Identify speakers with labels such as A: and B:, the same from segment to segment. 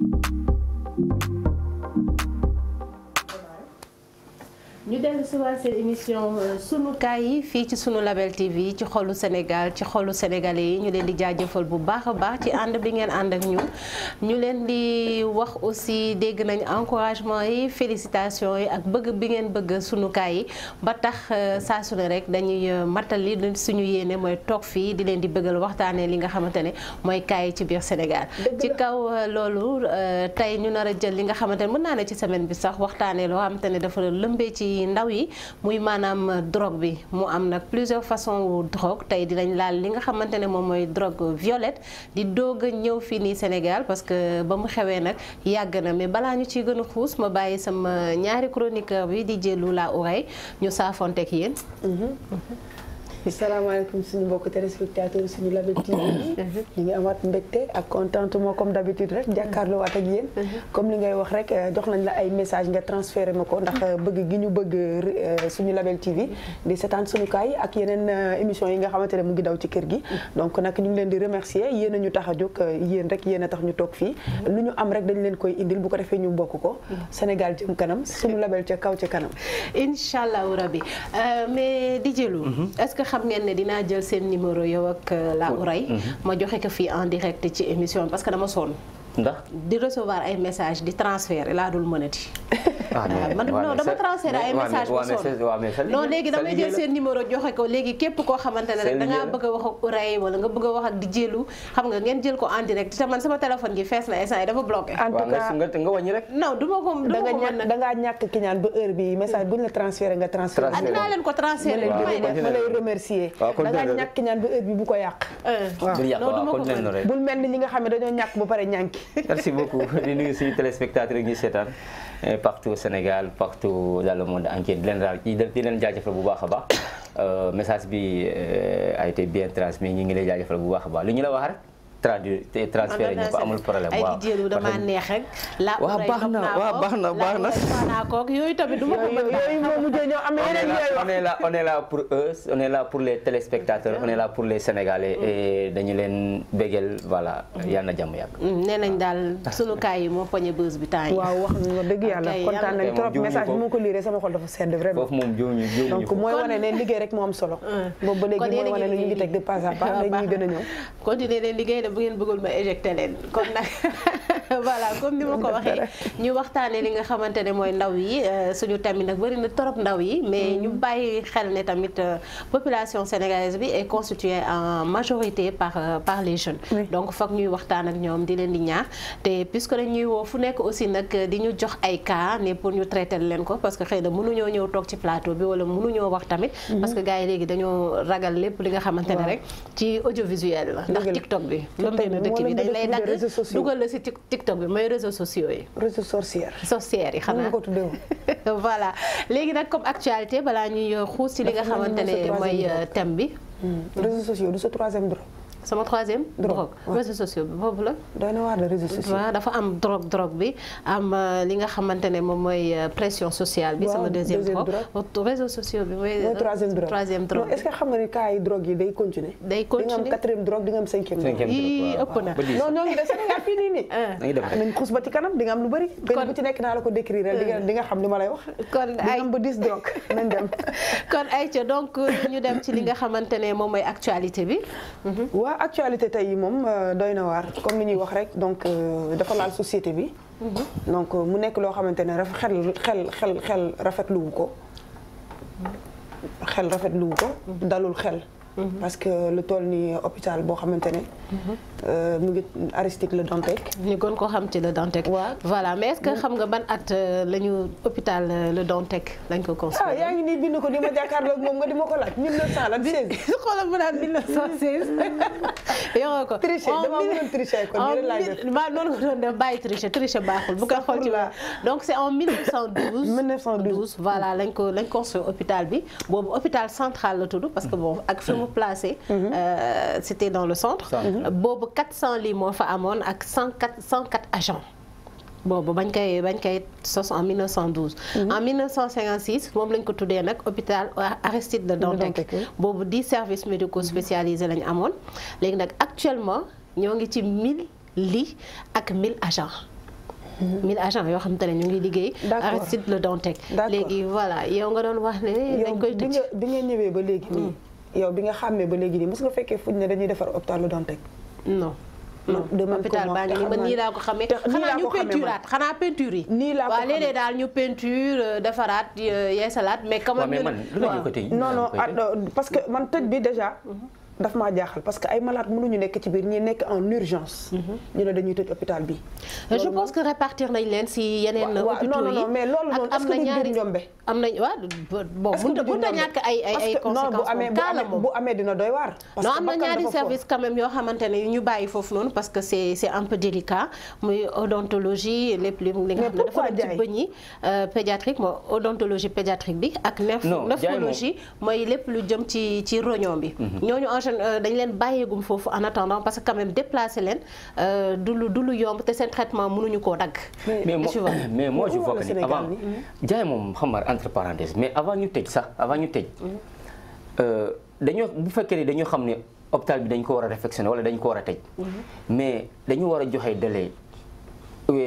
A: thank you ñu dellu si waat émission euh, sunu kaay yi fii ci sunu Label TV ci xolu Sénégal ci xolu sénégale yi ñu leen di jëfal bu baax a baax ci ànd bi ngeen ànd ak ñun ñu leen di wax aussi dégg nañ encouragement yi félicitations yi ak bëgg bi ngeen bëgg sunu kaay yi ba tax euh, saa su rek dañuy euh, mattali suñu yéenee mooy toog fii di leen di bëggal waxtaanee li nga xamante ne mooy kaay yi ci biir Sénégal. ci kaw loolu tey ñu nar a jël li nga xamante ne mën naa ne ci semaine bi sax waxtaanee ndaw yi muy maanaam drogue bi mu am nag plusieurs façons wu drogue tey dinañ laal li nga xamante ne moom mooy drogue violette di doog a ñëw fii nii Sénégal parce que ba mu xewee nag yàgg na mais balaa ñu ciy gën a xuus ma bàyyi sama ñaari chroniqueur bi di jëlu laa oreille ñu saafonteeg yéen. Mm-hmm. Mm-hmm. salaamaaleykum suñu
B: mbokk téléspectateur suñu Label TV uh-huh. ñu ngi amaat mbégte ak contentement comme d'habitude rek uh-huh. jàkkaarloo waat ak yéen uh-huh. comme li ngay wax rek euh, jox nañ la ay message nga transféré ma ko ndax bëgg gi ñu bëgg euh, suñu Label TV di seetaan suñu kaay ak yeneen euh, émission yi nga xamante ne mu ngi daw ci kër gi donc nag ñu ngi leen di remercier yéen a ñu tax a jóg yéen rek yéen a tax ñu toog fii lu ñu am rek dañ leen koy indil bu ko defee ñu mbokk ko Sénégal jëm kanam suñu Label ca kaw ca kanam
A: incha allahu rabi mais di jëlu est-ce que xam ngeen ne dinaa jël seen numéro yow ak euh, la Ouray mhm. ma joxe ko fii en direct ci émission parce que dama sonn ndax di recevoir ay message di transfert laa dul mënati
C: Ah, man non dama transféré ay message personne non léegi damay jël seen
A: numéro joxe ko léegi képp koo xamante ne rek da bëgg a wax ak Ouraye wala nga bëgg a wax ak di jëlu xam nga ngeen jël ko en direct te man sama téléphone gi fees na instant yi dafa bloqué en tout cas
C: nga wàññi rek
A: non du ko da nga da ngaa ñàkk ki ñaan ba heure bi
B: message buñ la transféré nga transféré ah dinaa leen ko transféré ma remercier da ngaa ki ñaan ba heure bi bu ko yàq euh, waaw bul mel ni ñi nga xam ne dañoo ñàkk ba pare ñànki merci
C: beaucoup di Euh, partout au Sénégal partout dans le monde entier di leen daal di leen jaajëfal bu baax a baax euh, message bi euh, a été bien transmis ñu ngi lay jaajëfal bu baax a baax li ñu la wax traduire te transféré ñu ko amul problème waaw ay jéelu damaa neex
A: rek. la waaw baax na waaw baax na baax na la kook yooyu tamit du ma ko bëgg yooyu moom mujjee
C: pour eux on pour les téléspectateurs on est là pour les sénégalais et dañu leen béggeel voilà yal na jàmm yàgg.
A: nee nañ daal sunu kaay yi moo poñe bës bi temps yi. waaw wax nga dëgg yàlla kontaan nañ trop message bi mu ko liiree
C: foofu moom jiw ñu jiw ñu ko
A: mooy wane ne liggéey rek moo am solo. boobu ba ne ñu ngi a bu ngeen bëggul ma éjecté leen kon nag voilà comme ni ma ko waxee ñu waxtaanee li nga xamante ne mooy ndaw yi euh, suñu tamit nag bëri na torop ndaw yi mais ñu mm. bàyyi xel ne tamit euh, population sénégalaise bi est constituée en majorité par euh, par les jeunes donc foog ñuy waxtaan ak ñoom di leen di ñaax te puisque ñuy woo fu nekk aussi nag di ñu jox ay cas ne pour ñu traiter leen ko parce que xëy na mënuñoo ñëw toog ci plateau bi wala mënuñoo wax tamit mm-hmm. parce que gars yi léegi dañoo ragal lépp li nga xamante ne rek ci audiovisuel la ndax TikTok bi tey na dëkk bi dañ lay dagg dugal la si tiktok bi mooy réseaux sociaux yi. réseaux sorcières. sorcières yi xanaa ko tuddee voilà léegi nag comme actualité balaa ñuy xuus si li nga xamante ne mooy euh, thème bi. Mm. réseaux sociaux du sa troisième droit. sama troisième. drogue réseaux sociaux bi boobu la. doy na waar la réseaux sociaux waaw am drogue drogue bi am euh, li nga xamante ne moom mooy euh, pression sociale bi. sama deuxième drogue
B: réseaux sociaux bi mooy. mooy troisième drogue troisième drogue. est xam nga ni cas yi drogue yi day continuer. day continuer di nga am quatrième drogue di nga am
A: nii nii. Ah.
B: nañ xuus kanam di nga am lu bari. kon ci nekk naa la ko décrire ah. di nga ba dix drogue nañ donc ñu dem ci li nga xamante ne moom mooy actualité bi. waaw actualité tey moom euh, doy na waar comme ni ñuy wax rek donc euh, dafa laal société bi. Mhm. donc euh, mu nekk loo xamante ne rafet xel xel xel xel rafetlu wu ko. xel rafetlu wu ko. Mhm. dalul xel. Mm-hmm. parce que
A: lu tool ni hôpital boo xamante ne. Mm-hmm. Euh, mu ngi Aristide Le Dantec. ñu gën ko xam ci Le Dantec. waaw voilà mais est mm-hmm. xam nga ban at euh, la ñu hôpital euh, Le Dantec lañ ko construire. ah
B: yaa ngi nii bind ko di ma jàkkaarloog moom nga di ma ko laaj 1916. xoolal ma naan
A: 1916. ko triché dama mënoon triché kon la maa noonu ko doon baaxul bu ko xool ci donc c'est en 1912. 1912 voilà lañ ko lañ construire hôpital bi boobu hôpital central la tudd parce que bon ak fi mu placé. Mhm. Euh, c'était dans le centre. Mhm. boobu 400 lits moo fa amoon ak 104 104 agents. boobu bañ koy bañ koy sos en 1912. Mhm. en 1956 moom lañ ko tuddee nag hôpital Aristide Le Dantec. boobu 10 services médicaux spécialisés lañ amoon. léegi nag actuellement ñoo ngi ci 1000 li ak mille agent mille agent yoo xam ne ñu ngi liggéey. d'accord Aristide Le Dantec. léegi voilà yow nga doon wax ne. dañ koy tëj bi nga ñëwee ba léegi nii. Mm. yow bi nga xàmmee ba léegi nii mos
B: nga fekkee fuñ ne dañuy defar hôpitalu Dantec. non. non hôpital baa ngi nii man nii laa ko
A: xamee. te xanaa ñu peinturaat xanaa peinture yi. nii laa ko xamee daal ñu peinture euh, defaraat euh, yeesalaat mais. quand même man lu la ah, parce que man tëj bi déjà. Mm-hmm.
B: daf maa jaaxal parce que ay malades mënuñu nekk ci biir ñi nekk en urgence. Mm-hmm. ñu ne dañuy tëj hôpital bi.
A: Euh, je pense que répartir nañ leen si yeneen. hôpitaux yi non non mais loolu noonu est-ce a ñàkk ay ay ay parce que yoo xamante ne ñu bàyyi foofu noonu parce que c'est c'est un peu délicat muy odontologie lépp li nga xam ne dafa dem ci bëñ yi euh, pédiatrique mooy odontologie pédiatrique bi ak. non néphrologie mooy lépp lu jëm ci ci roñon bi mm-hmm. ñooñu prochaine euh, dañ leen bàyyeegum foofu en attendant parce que quand même déplacer leen euh, du lu du lu yomb te seen traitement mënuñu koo dagg. mais moi mais ni avant
C: jaay moom xam nga entre parenthèses mais avant ñu tëj sax avant ñu tëj. Euh, dañoo bu fekkee ne dañoo xam bi dañ ko war a réfectionner wala dañ ko war a tëj. mais dañu war a joxe délai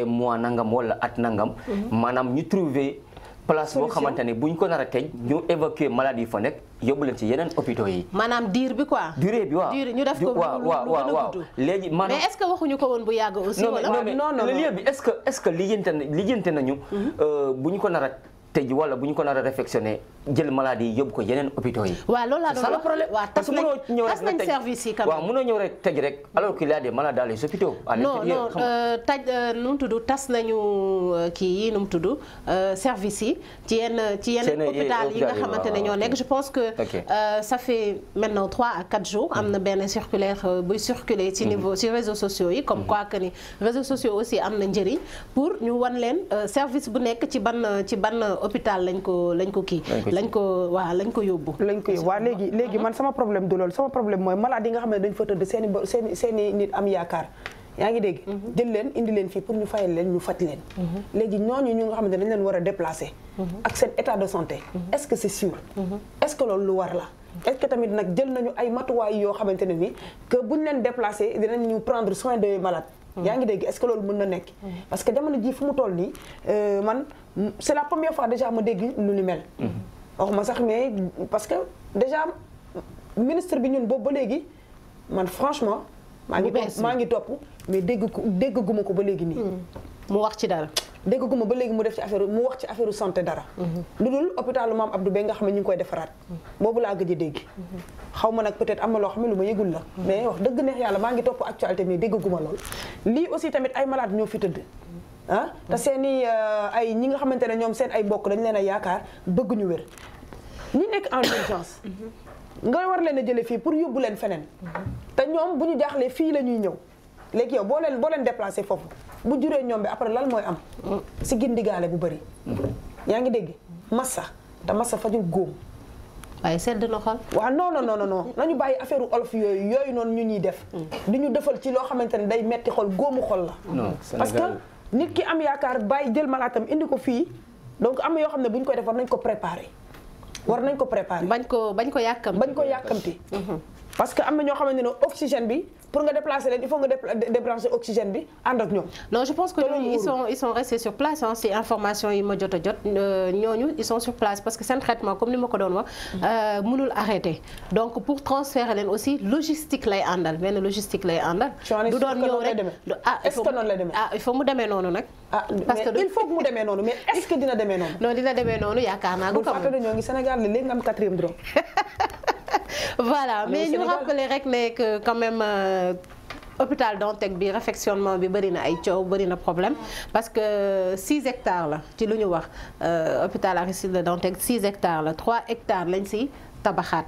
C: mois nangam wala at nangam. maanaam ñu trouver place boo xamante ne buñ ko nar a tëj ñu évacuer malade yi fa nekk. yóbbu leen ci yeneen hôpitaux yi. maanaam diir bi quoi. durée bi waaw durée ñu def ko. waaw waaw waaw léegi maanaam. mais est
A: ce que waxuñu ko woon bu yàgg aussi. wala non non non non
C: bi est ce que est ce que lijjante nañu. Mhm. Euh, bu ñu ko nar a te wala bu ñu ko nar a réfectionné jël maladie yi yóbbu ko yeneen hôpitaux yi. waaw loolu laa doon wax problème parce que mënoo ñëw rek tas nañ service yi quand même. waaw mënoo ñëw rek tëj rek alors qu'il y a des malades dans
A: euh, taj euh, nu mu tudd tas nañu euh, kii yi nu mu tudd service yi ci yenn hôpital yi nga xamante ne ñoo nekk je pense que. ça fait maintenant trois à quatre jours am na benn circulaire buy circuler ci mhm. niveau ci réseaux sociaux yi. comme mhm. quoi que ni réseaux sociaux aussi hôpital lañ ko lañ ko kii. lañ ko waaw lañ ko yóbbu. lañ léegi
B: léegi man sama problème du loolu sama problème mooy malade yi nga xam ne dañ fa tëdd seen i seen seen i nit am yaakaar. yaa ngi dégg. Mhm. jël leen indi leen fii pour ñu fayal leen ñu faj leen. Mhm. léegi ñooñu ñu nga xam ne dañ leen war a mhm. ak seen état de santé. est-ce que c'est sûr. est-ce que loolu lu war la. est-ce que tamit nag jël nañu ay matuwaay yoo xamante ne ni que buñ leen déplacer dinañ prendre soin des c'est la première fois déjà ma dégg lu ni mel. Mhm. ma sax mais parce que déjà ministre bi ñun boobu ba léegi man franchement. maa ngi topp ngi topp mais dégg ko dégg guma ko ba léegi nii. Hmm. mu wax ci dara. mu def ci affaire mu wax ci affaire santé dara. Hmm. lu dul hôpital Maam Abdou Bey nga xam ne ñu ngi koy defaraat. Hmm. boobu laa gëj a dégg. xaw ma nag peut-être am loo xam ne lu ma yëgul la. mais wax dëgg neex yàlla maa ngi topp actualité mais dégg guma lool. lii aussi tamit ay malade ñoo fi tëdd. ah te seen i euh, ay ñi nga xamante ne ñoom seen ay bokk dañ leen a yaakaar bëgg ñu wér ñi nekk en urgence nga war leen a jële fii pour yóbbu leen feneen te ñoom bu ñu jaaxlee fii la ñuy ñëw léegi yow boo leen boo leen déplacé foofu bu juree ñoom bi après lan mooy am si gindigaale bu bëri yaa ngi dégg massa te massa fajul góom waaye sedd na xol waaw non non noonu noonu nañu bàyyi affaire olof yooyu yooyu noonu ñu ñuy def mm. di ñu defal ci loo xamante ne day metti xol góomu xol la nit ki am yaakaar bàyyi jël malaatam indi ko fii donc am yoo xam ne bu ñu koy def war nañ ko préparer war nañ ko préparer. bañ ko bañ ko yàkkamti bañ ko yàkkamti. Mm-hmm. parce que am na ñoo xamante ne oxygène bi pour nga
A: déplacer leen il faut nga
B: débrancher oxygène bi ànd ak ñoom. non je
A: pense que ñooñu ils sont ils sur place a jot comme ni ma ko doon wax euh, mënul arrêté donc pour transférer leen aussi logistique lay àndal benn logistique lay àndal. du doon ñëw rek ah, ah il faut mu demee noonu nag. Ah, il faut mu demee noonu mais est dina demee noonu. non dina demee noonu yaakaar naa. bu fàttali
B: ñoo ngi Sénégal léegi nga am quatrième drone.
A: voilà mais ñu rappeler rek ne que quand même. Euh... hôpital Dantec bi réfectionnement bi bëri na ay coow bëri na problème parce que 6 hectares la ci lu ñu wax euh, hôpital Aristide Dantec 6 hectares la trois hectares lañ si tabaxaat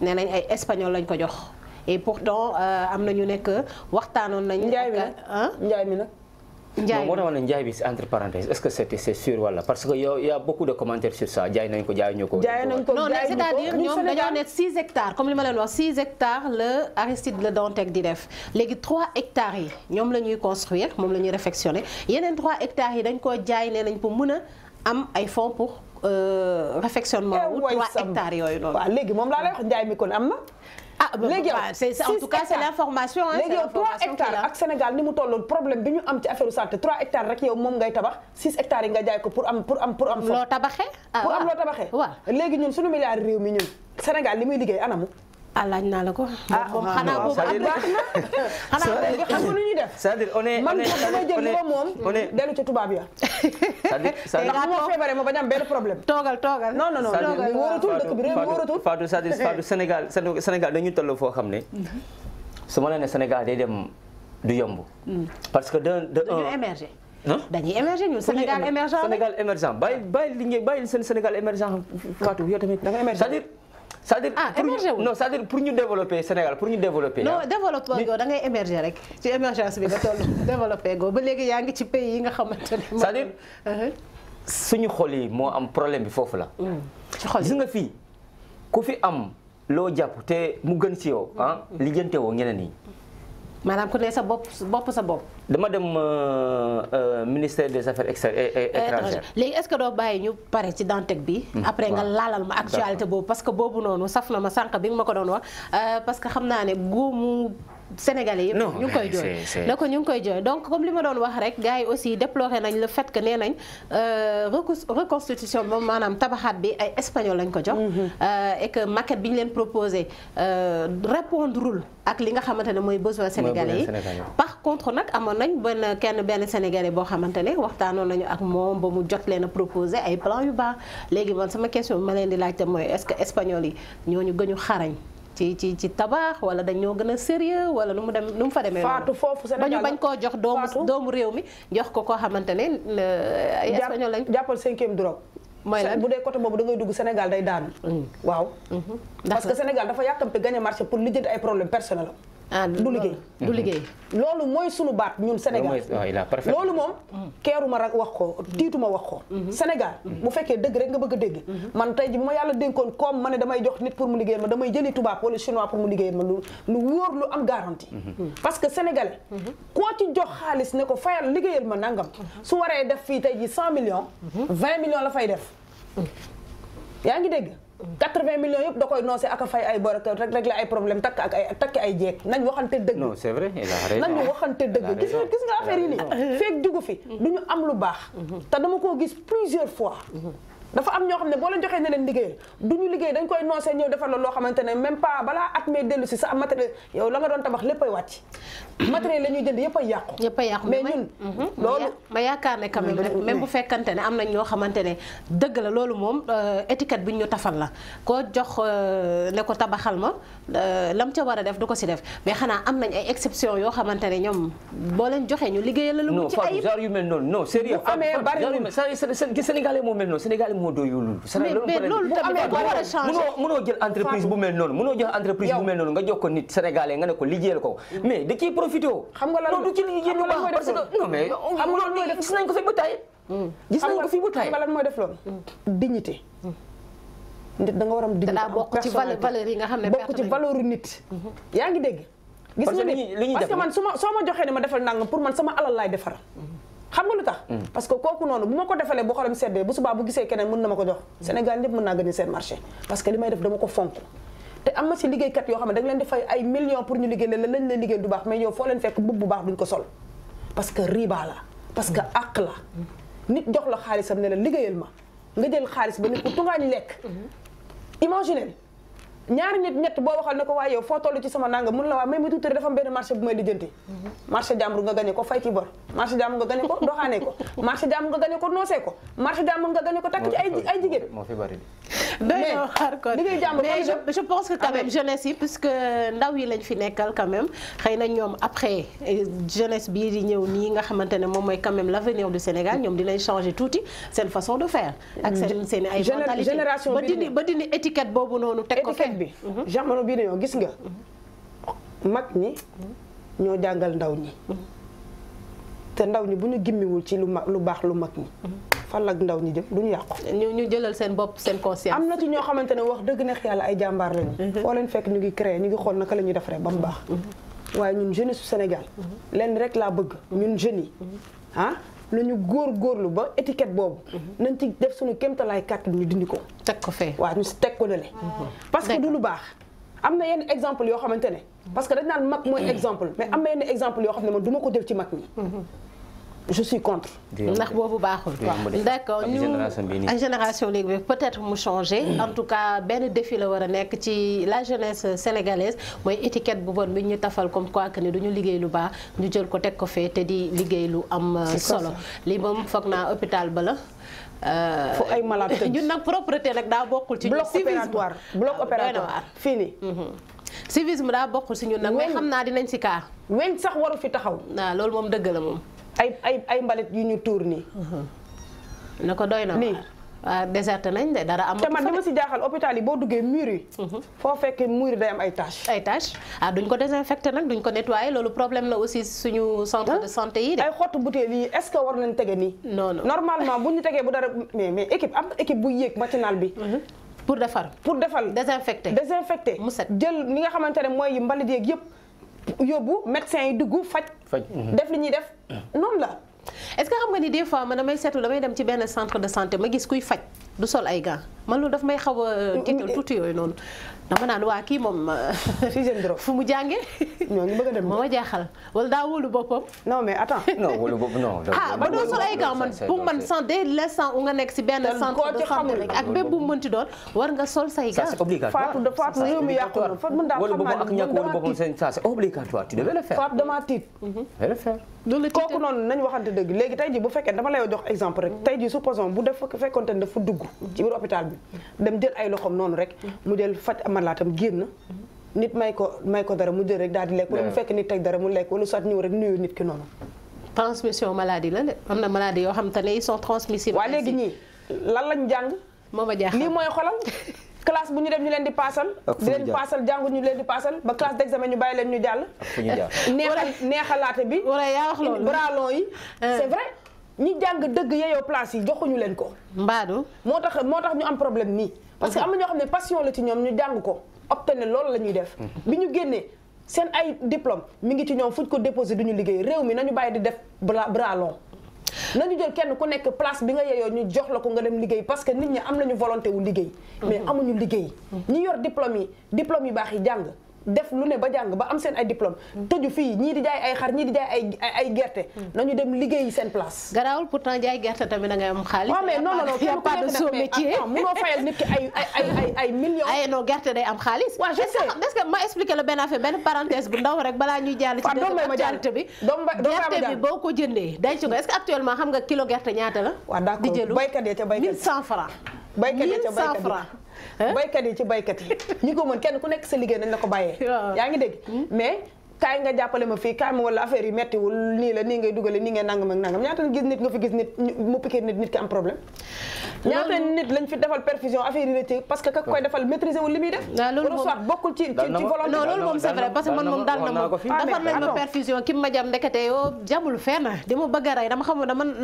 A: nee nañ ay espagnol lañ ko jox et pourtant euh, am na ñu nekk waxtaanoon nañ. njaay njaay mi nag.
C: Ndiaye moo tax ma ne Ndiaye bi entre parenthèses est-ce que c'est c'est sûr parce que yow beaucoup de commentaires sur ça jaay nañ ko jaay ñu ko. jaay
A: hectares comme li ma leen wax 6 hectares la Aristide Le Dantec di def léegi 3 hectares yi ñoom la ñuy construire moom la ñuy réfectionner yeneen 3 hectares yi dañ koo jaay nee nañ pour mën a am ay fonds pour euh, réfectionnement eh, wu 3 hectares yooyu noonu. waaw léegi moom laa lay wax Ndiaye mi kon am na. ah léegi yow
B: c'est en tout cas c'est l'information hein léegi yow ak Sénégal ni mu tolloon problème bi ñu am ci affaire santé 3 hectares rek yow moom ngay tabax 6 hectares yi nga jaay ko pour am pour am pour am loo tabaxee ah, pour am loo tabaxee léegi ñun suñu milliard réew mi ñun Sénégal li muy liggéey anamu ah naa la ko. ah moom xanaa boobu am na
C: xanaa xam nga lu ñuy ma
B: moom. dellu tubaab ya.
C: c'est-à-dire
B: c'est-à-dire ndax bu toogal toogal
D: non non non. toogal wóoratul dëkk bi réew wóoratul. Fatou c'est-à-dire Fatou
C: Sénégal Sénégal dañu toll foo xam ne. su ma la ne Sénégal day dem du yomb. Hmm. parce que de de dañu émerger. dañuy émerger ñun Sénégal émergent Sénégal émergent bàyyi bàyyi li ngeen bàyyi seen Sénégal émergent Fatou yow tamit da nga émerger c'est-à-dire c'est-à-dire ah émerger pour ñu développer Sénégal pour ñu développer. non ah.
A: développé goo da ngay émerger rek ci émergence bi nga toll développé goo ba léegi yaa ngi ci pays yi nga xamante ne. cest à uh-huh.
C: suñu xol yi moo am problème bi foofu la. Mm. ci xol nga fi ku fi am loo jàpp te mu gën si yow ah lijjante woo ñeneen yi.
A: maanaam ku ne sa bopp bopp sa bopp.
C: dama dem euh, euh, ministère des affaires euh, étrangères.
A: léegi est-ce que bàyyi ñu pare ci Dantec bi. Hmm. après nga laalal ma actualité boobu. parce que boobu noonu saf na ma sànq bi nga ma ko doon wax parce que xam naa ne góomu. yi yëpp ñu ngi koy jooy na ko ñu ngi koy jooy donc comme li ma doon wax rek gars yi aussi déploré nañ le fait que nee nañ euh, reconstitution moom maanaam tabaxaat bi ay espagnol lañ ko jox mhm. euh, et que maquette bi ñu leen proposé euh, répondrul ak li nga xamante ne mooy besoin sénégalais yi par contre nag amoon nañ benn kenn benn sénégalais boo xamante ne waxtaanoon nañu ak moom ba mu jot leen a proposé ay plan yu baax léegi man sama question bi ma leen di laajte mooy est-ce que espagnol yi ñooñu gëñu xarañ ci ci ci tabax wala dañoo gën a sérieux wala nu mu dem nu mu fa demee. faatu foofu Sénégal ba ñu bañ koo jox doomu doomu réew mi jox ko koo xamante ne ay espagnol lañ. jàppal cinquième drogue. mooy lan bu dee côté boobu da
B: ngay dugg Sénégal day daanu. Mm. waaw. Mm-hmm. parce que Sénégal dafa yàkkamte gagné marché pour lijjanti ay problème personnel Ah, du liggéey du mhm. liggéey loolu mooy sunu baat ñun Sénégal loolu moom mhm. keeruma rek wax ko mhm. tiituma wax ko Sénégal bu fekkee dëgg rek nga bëgg a dégg man tey ji bu ma yàlla dénkoon comme ma ne damay jox nit pour mu liggéeyal ma damay jëli tubaab wala chinois pour mu liggéeyal ma lu lu wóor lu am garantie parce que Sénégal koo ci jox xaalis ne ko fayal liggéeyal ma nangam su waree def fii tey ji cent million vingt millions la fay def yaa ngi dégg 80 millions yëpp da koy noosé ak a fay ay bor rek régler ay problème takk ak ay takki ay jeeg nañ waxante dëgg. non
C: a raison waxante dëgg gis nga gis nga affaire yi nii.
B: fi mm-hmm. du ñu am lu baax. Mm-hmm. te dama koo gis plusieurs fois. Mm-hmm. dafa am ñoo xam ne boo leen joxee ne leen liggéeyal du ñu liggéey dañ koy noosee ñëw defal la loo xamante ne même pa balaa at may dellu si sa am matériel
A: yow la nga doon tabax léppay wàcc matériel la ñuy jënd yëpp ay yàqu yëpp ay yàqu mais ñun ma yaakaar ne kam même mm-hmm. rek même bu fekkante ne am nañ ñoo xamante ne dëgg la loolu moom euh, étiquette bu ñu tafal la koo jox euh, ne ko tabaxal ma euh, lam ca war a def du ko si def mais xanaa am nañ ay exception yoo xamante ne ñoom boo leen joxee ñu liggéeyal la lu mu ci ayib non
C: genre yu moo mel noonu sénégalais moo doy loolu. mais loolu tamit war a changer mënoo jël entreprise bu mel noonu mënoo jël entreprise bu mel noonu nga jox ko nit sénégalais nga ne ko liggéeyal ko mm. mais da ciy profité. loolu gis nañ ko fi mm. nga lan mooy def loolu mm. dignité
B: nit da nga war am dignité am bokk nga xam ne bokk ci nit mm-hmm. yaa ngi dégg
D: gis nga nit parce que man
B: ma soo ma joxee ne ma defal nangam pour man sama alal laay defar mm-hmm. xam nga lu tax hmm. parce que kooku noonu bu ma ko defalee bu xolam seddee bu subaa bu gisee keneen mën na ma ko jox Sénégal ñëpp mën naa gagné seen marché parce que li may def dama ko fonk te am na ci liggéeykat yoo xam ne da leen di fay ay millions pour ñu liggéey la lañ leen liggéey du baax mais yow foo la parce que àq la nit jox la xaalisam ne la liggéeyal ma nga jël xaalis ba nit ku tungaañ lekk hmm. imagine ñaari nit ñett boo waxal ne ko waaye yow foo toll ci sama nangam mun la waa may ma tuuti dafa am benn marché bu may lijjanti mhm. marché jàmbur nga gañe ko fay ci bor marché jàmbur nga gañe ko doxaane ko marché jàmbur nga gañe ko noosee ko marché jàmbur nga gañe ko takk ci ay ay
C: moo fi bari
A: mais je, je pense que quand ah, même jeunesse yi puisque ndaw yi lañ fi nekkal quand même xëy na ñoom après eh, jeunesse bii di ñëw nii nga xamante ne moom mooy quand même l'avenir du Sénégal ñoom dinañ changé tuuti seen façon de faire. ak seen mm. seen ay mentalité génération ba dindi ba dindi étiquette boobu noonu. teg ko étiquette bi. Mm-hmm. jamono bii dañoo gis nga.
B: mag ñi ñoo jàngal ndaw ñi. Mm-hmm. te ndaw ñi bu ñu gimmiwul ci lu mag lu baax lu mag ñi. Mm-hmm. fan la ak ndaw ñi jëm duñu yàqu.
A: ñu ñu jëlal seen bopp
B: seen conscience. am na ci ñoo xamante ne wax dëgg neex yàlla ay jàmbaar lañu. Mhm. foo leen fekk ñu ngi créé ñu ngi xool naka la ñuy defaree mhm. waaye ñun jeunesse su Sénégal. Mhm. leen rek laa bëgg ñun jeunes yi. ah nañu góor góorlu ba étiquette boobu. nañ ci def suñu kéemtalaay kàttan ñu dindi ko. teg ko fee waa ñu si teg ko dale parce que du lu baax. am na yenn exemple yoo xamante ne. parce que dañ naan mag mooy exemple mais am na yenn exemple yoo xam ne man du ma ko def ci mag ñi je
A: suis contre. ndax boobu baaxul. d' accord ñu génération léegi bi peut être mu changé. Hmm. en tout cas benn défi la war a nekk ci la jeunesse sénégalaise mooy étiquette bu bon bi ñu tafal comme quoi que ni du ñu liggéey lu baax ñu jël ko teg ko fee te di liggéey lu am euh, solo. lii moom foog naa hôpital ba la. Euh, fu ay malade tëj ñun nag propreté nag daa bokkul ci. bloc opératoire bloc ah, opératoire fini. Mhm. civisme daa bokkul si ñun nag. mais xam naa dinañ si kaa. weñ sax waru fi taxaw. waaw loolu moom dëgg la moom. ay ay ay mbalit yu ñu tuur nii. Uh-huh. na ko doy na lii waaw déserté nañ de dara amul.
B: te man dama si jaaxal hôpital yi boo duggee mur yi. Uh-huh. foo fekkee mur yi day am ay tâches. ay tâches ah duñ ko désinfecté nag duñ ko nettoyé loolu problème la aussi suñu centre ah. de santé yi de. ay xottu butéel yi est-ce que war nañ tege nii. non non normalement bu ñu tegee bu dara mais mais équipe am équipe bu yéeg matinal bi. Uh-huh. pour defar pour defal. désinfecté désinfecté mu set jël li nga xamante ne mooy mbalit yeeg
A: yëpp. yóbbu médecin yi dugg faj.
C: faj mm-hmm. def li ñuy def mm-hmm.
A: noonu la. est que xam nga ni des fois man damay seetlu damay dem ci benn centre de santé ma gis kuy faj du sol ay gants man loolu daf may xaw a euh, tiital mm-hmm. tuuti yooyu noonu dama naan waa kii moom. Euh, sixième drogue fu mu jàngee. a dem moo ma jaaxal wala daa wóolu boppam. non
C: ah, ba doo sol ay gants man pour man sant
A: dès l'instant où nga nekk si benn. centre de santé rek ak bépp bu mu mënti doon war nga sol say
B: gants. ça c'est obligatoire Fatou de Fatou réew mi yàqu na Fatou mën naa xam naa ne
C: wóolu boppam
B: ak ñàkk loolu kooku noonu nañ waxante dëgg léegi tey ji bu fekkee dama lay jox exemple rek tey ji supposons bu def fekkonte ne dafa dugg ci biir hôpital bi dem jël ay loxoom noonu rek mu jël faj amalaatam génn nit may ko may ko dara mu jël rek daal di lekk wala mu fekk nit teg dara mu lekk wala soit ñëw rek nuyu nit ki noonu
A: transmission maladie la de am na maladie yoo xam te ne ils sont transmissibles waaye léegi ñii lan lañ jàng moom a jaaxal lii mooy
B: xolal classe bu ñu dem ñu leen di paasal di leen paasal jàngu ñu leen di paasal ba classe d'examen ñu bàyyi leen ñu jàll neexal neexalaate bi wala yaa wax loolu bralon yi euh. c'est vrai ñi jàng dëgg yeeyoo place yi joxuñu leen ko mbaadu moo tax moo tax ñu am problème nii parce que am na ñoo xam ne passion la ci ñoom ñu jàng ko obtenir loolu la ñuy def mm-hmm. bi ñu génnee seen ay diplôme mu ngi ci ñoom fuñ ko déposé du ñu liggéey réew mi nañu bàyyi di def bralon nañu jël kenn ku nekk place bi nga yeyoo ñu jox la ko nga dem liggéey parce que nit ñi am nañu volonté wu liggéey mm-hmm. mais amuñu liggéey mm-hmm. ñi yor diplôme yi diplôme yu baax yi jàng def lu ne ba jàng ba am seen ay diplôme tëju fii ñii di jaay ay xar ñii di jaay ay ay gerte nañu dem liggéeyi seen place
A: garaawul pourtant jaay gerte tamit da ngay am xaalis waaw mais non non non kenn pas de sot métier munoo fayal nit ki ay ay ay ay millions ay non gerte day am xaalis waaw je sais ma expliqué la benn affaire benn parenthèse bu ndaw rek balaa ñuy jàll ci gerte bi gerte bi boo ko jëndee denc nga est-ce que actuellement xam nga kilo gerte ñaata la di jëlu mille cent francs baykat ya ca baykat
B: baykat yi ci baykat yi ñi ko mën kenn ku nekk sa liggéey nañ la ko bàyyee yaa ngi dégg hmm? mais kaay nga jàppale ma fii kaay ma wala affaire yi mettiwul nii la nii ngay dugale nii ngay nangam ak nangam ñaata gis nit nga fi gis nit mu piqué nit nit ki am problème. ñaata nit lañ fi defal perfusion affaire yi rëcc parce que ka koy defal maîtriser li muy def. waaw loolu bokkul ci ci moom c'est parce que man moom dal na moom defar nañ ma ah,
A: perfusion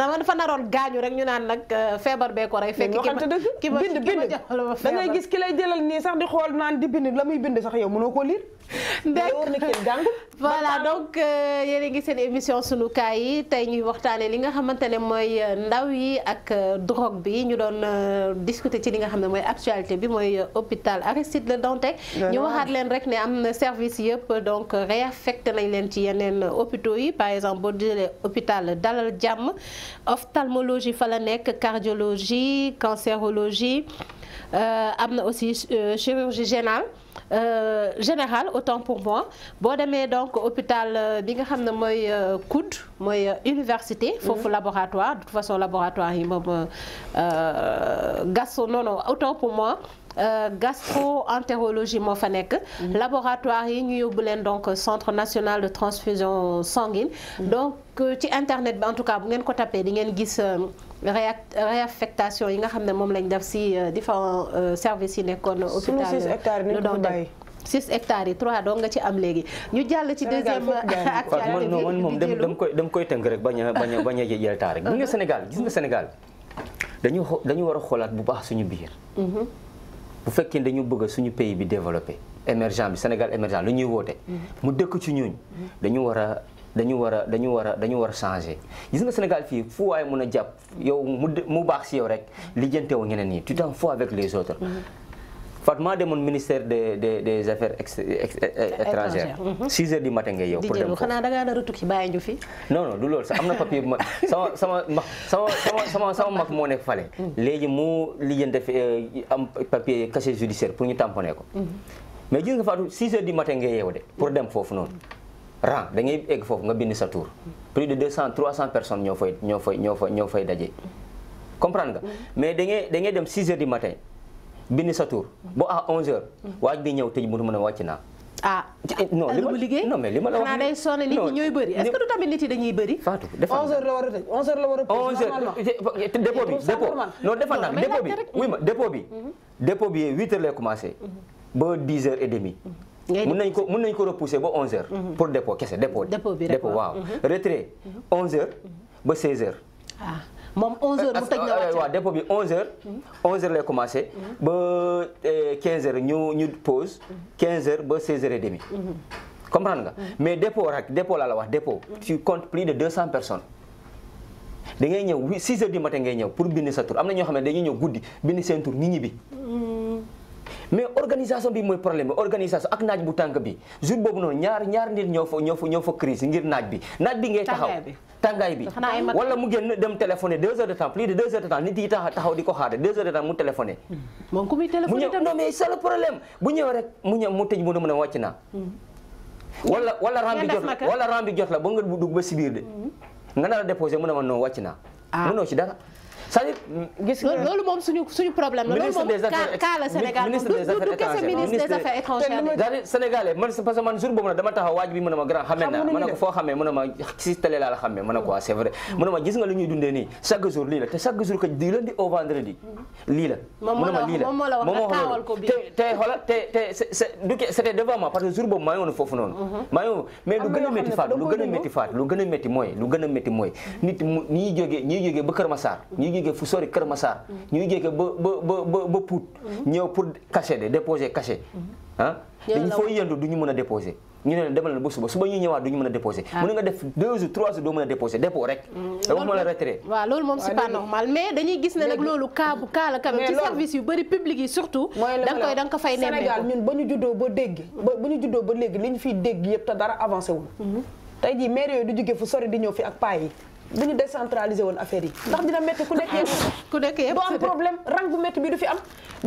A: a rey naroon gaañu rek ñu naan nag euh, feebar bee ko rey. fekk ki ma bind bind da gis
B: ki lay jëlal nii sax xool naan di bind la muy bind sax yow mënoo ko lire
A: voilà donc euh, yéen a ngi seen émission sunu kaay yi tey ñuy waxtaanee li nga xamante ne mooy euh, ndaw yi ak euh, drogue bi ñu doon discuter ci li nga xam ne mooy actualité bi mooy hôpital Aristide Le Dantec ñu waxaat leen rek ne am na service yëpp donc réaffecté nañ leen ci yeneen hôpitaux yi par exemple boo jëlee hôpital Dalal Jàmm ophtalmologie fa la nekk cardiologie cancérologie am na aussi chirurgie générale Euh, général autant pour moi boo demee donc hôpital euh, bi nga xam ne mooy COUD euh, mooy université. Mm-hmm. foofu laboratoire de toute façon laboratoire yi moom Gaston non non autant pour moi. Euh, gastroentérologie moo fa nekk. Mhm. laboratoire yi ñu yóbbu leen donc centre national de transfusion sanguine. Mhm. donc euh, ci internet bi en tout cas bu ngeen ko tapé di ngeen gis. Euh, réaffectation yi nga xam ne moom lañ def ci différents services yi nekkoon hôpital le doon def six hectares yi trois doo nga ci am léegi ñu jàll ci deuxième actualité
C: man man moom dam koy dam koy tënk rek ba a bañ a bañ a jël taa rek gis nga Sénégal gis nga dañu dañu war a xoolaat bu baax suñu biir mhm. bu fekkee dañu bëgg suñu pays bi développé émergent bi Sénégal émergent lu ñuy woote. mu dëkk ci ñooñ dañu war a war a war a war a changé gis nga Sénégal fii fu ay mun a jàpp yow mu mu baax si yow rek lijjante wu ñeneen ñi tu le temps avec les autres. Fatou maa demoon ministère des des des affaires étrangères. 6 mhm. heures du matin ngay yow. pour dem foofu
A: da a tukki bàyyi ñu fi.
C: non non du loolu sax am na papier sama sama moo nekk fale. Mm. léegi mu lijjante fi eh, am papier casier judiciaire pour ñu tamponné ko. Mm-hmm. mais gis nga Fatou 6 heures du matin ngay yeewu de pour dem foofu noonu. ran da egg foofu nga bind sa tour plus de 200 300 personnes ñoo fay ñoo fay ñoo fay ñoo fay daje. Mm. comprendre nga mm-hmm. mais da ngay dem 6 heures du matin. bind sa tur boo à 11h. waaj bi ñëw tëj mënu mën a wàcc naa. ah eh, li ma liggéey non mais li ma nit ñooy bëri est tamit nit yi bëri. Fatou defal na 11h la war
A: a tëj 11h
B: la
C: war a. 11h dépôt bi dépôt bi oui ma dépôt bi. Mhm. dépôt bi 8h lay mhm. et demi. mën nañ ko mun nañ ko repousser ba 11h. Mhm. pour dépôt kese dépôt. dépôt waaw retrait 11h ba 16h. moom 11h mu tëj na euh, wàcc waaw dépôt bi 11h. 11h hmm. lay commencé. Hmm. ba 15h euh, ñu ñu pause. 15h hmm. ba 16h30. comprendre nga mais dépôt rek dépôt laa la wax dépôt. tu comptes plus de 200 personnes. da ngay ñëw 6h du matin ngay ñëw pour bind sa tur am na ñoo xam ne dañuy ñëw guddi bind seen tur nit ñi bi. mais organisation bi mooy problème bi organisation ak naaj bu tànk bi jour boobu noonu ñaar ñaar nit ñëw fa ñoo fa ñoo fa crise ngir naaj bi naaj bi ngay taxaw tàngaay bi wala mu génn dem téléphoné deux heures de temps plus de deux heures de temps mu téléphoné hmm. moom ku muy problème bu ñëw rek mu ñëw mu tëj mu ne mu ne wàcc naa
D: hmm. wala wala jot wala ram
C: bi jot la ba nga dug ba si biir de hmm. nga nar a déposé mu ne ma non wàcc naa ah. mënoo ci c'est-à-dire mm, gis nga loolu
A: moom suñu suñu problème la loolu moom kaa la Sénégal du du kese ministre des affaires étrangères c'est-à-dire
C: sénégalais man parce que man jour boobu nag dama taxaw waaj bi mën a ma grand xamee naa mën a ko foo xamee mën a ma si télé laa la xamee mën a quoi c'est vrai mën mm. a ma gis nga lu ñuy dundee nii chaque jour lii la te chaque jour que du lundi au vendredi mm-hmm. lii la mën a ma lii la moom moo la wax ko bi te xoolal te te du c'était devant moi parce que jour boobu maa ngi woon foofu noonu mm-hmm. maa ngi woon mais lu gën a métti faat lu gën a métti faat lu gën a métti mooy lu gën a métti mooy mm-hmm. nit ñi jógee ñi jógee ba Kër Massar ñi jóge fu sori du ñu mën a déposer. ñu ne leen demal ba suba suba ñuy ñëwaat du ñu mën a ah. a déposé mm-hmm. da nga koy
A: da nga ko
B: ba ñu juddoo ba dégg ba ba dégg yëpp te dara avancé wul. Mm-hmm. jii maire yooyu du jóge fu sori di ñëw fi ak paa yi. bu ñu décentraliser woon affaire yi ndax dina métti ku nekk yëpp ku nekk yëpp doo am problème rang bu métti bi du fi am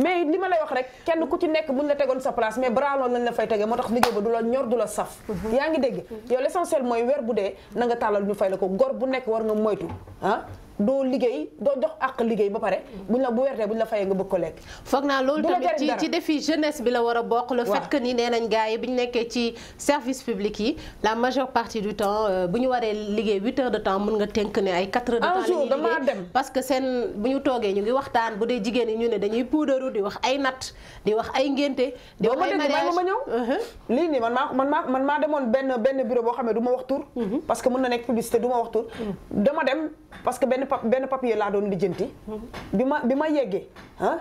B: mais li ma lay wax rek kenn ku ci nekk buñ la tegoon sa place mais braloon lañ la fay tegee moo tax liggéey ba du la ñor du la saf mhm. yaa ngi dégg mhm. yow l'essentiel mooy weer bu dee na nga tàllal ñu fay la ko gor bu nekk war nga moytu ah
A: doo liggéey doo jox àq liggéey ba pare buñ la bu weertee buñ la fayee nga bëgg ko lekk foog naa loolu bi la war a bokk le euh, nga tënk ne ay quatre heures de temps la ñuy liggéey dem parce que seen bu ñu toogee ñu ngi waxtaan bu yi ñu ne dañuy puudaru di wax ay nat wax ay ngénte di wax ay mariage ma ñëw uh-huh. lii man maa man maa man maa demoon
B: benn benn bureau xam ne du ma wax tur mm-hmm. parce que mën na nekk publicité mm-hmm. dama dem parce benn pa benn papier laa doon lijjanti. bi ma bi ma yeggee ah.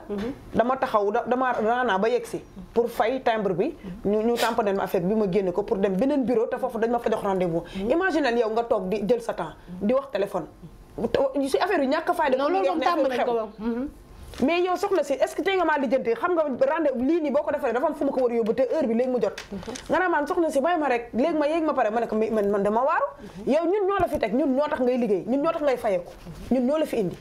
B: dama taxaw dama raanaa ba yegg si. pour fay timbre bi. ñu ñu tamponné ma affaire bi ma génne ko pour dem beneen bureau te foofu dañ ma fa jox rendez-vous. imaginal yow nga toog di jël sa temps di wax téléphone. si affaire yu ñàkk a fay. non loolu moom tàmm nañ ko mais yow soxna si est-ce que tey nga maa lijjanti xam nga rendez-vous lii nii boo ko defaree dafa am fu ma ko war a yóbbu te heure bi léegi mu jot mhm. nga ne maan soxna si may ma rek léegi ma yéeg ma pare man dama waaru mhm. yow ñun ñoo fi teg ñun ñoo tax ngay liggéey ñun ñoo tax ngay fayeku mhm. ñun ñoo la fi indi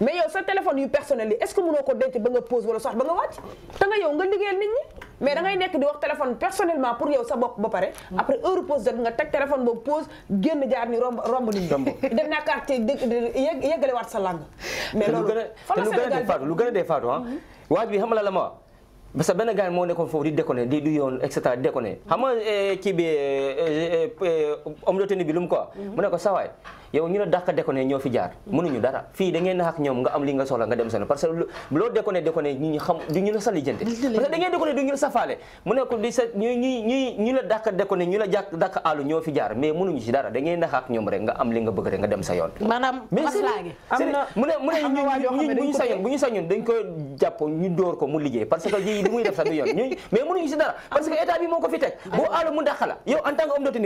B: mais yow sa téléphone yu personnel yi est-ce que mënoo ko denc ba nga pause wala sax ba nga wàcc te nga yow nga liggéeyal nit ñi mais da nekk di wax téléphone personnellement pour yow sa bopp ba pare après heure pause jot nga teg téléphone boobu pause génn jaar ni romb nit ñi dem naa quartier yeggale waat sa langue mais loolu te lu gën a dee faatu lu
C: a dee faatu ah mhm. waaj bi xam nga la ma benn gars moo nekkoon foofu di déconné di du yoon et cetera déconné xam nga eh, kii bi eh, eh, homme bi lu quoi mhm. mu ne ko sawaay yow ñu la dàq déconné ñoo fi jaar mënuñu dara fii da na ak ñoom am li nga soxla nga dem seen parce que la sa lijjanti parce fi jaar mais mënuñu ci dara da ngeen rek nga am li nga bëgg rek nga dem sa yoon maanaam maslaa gi am na mu ne mu ne bu ñu sañoon bu ñu sañoon dañ ko mu liggéey parce que ji li muy def sax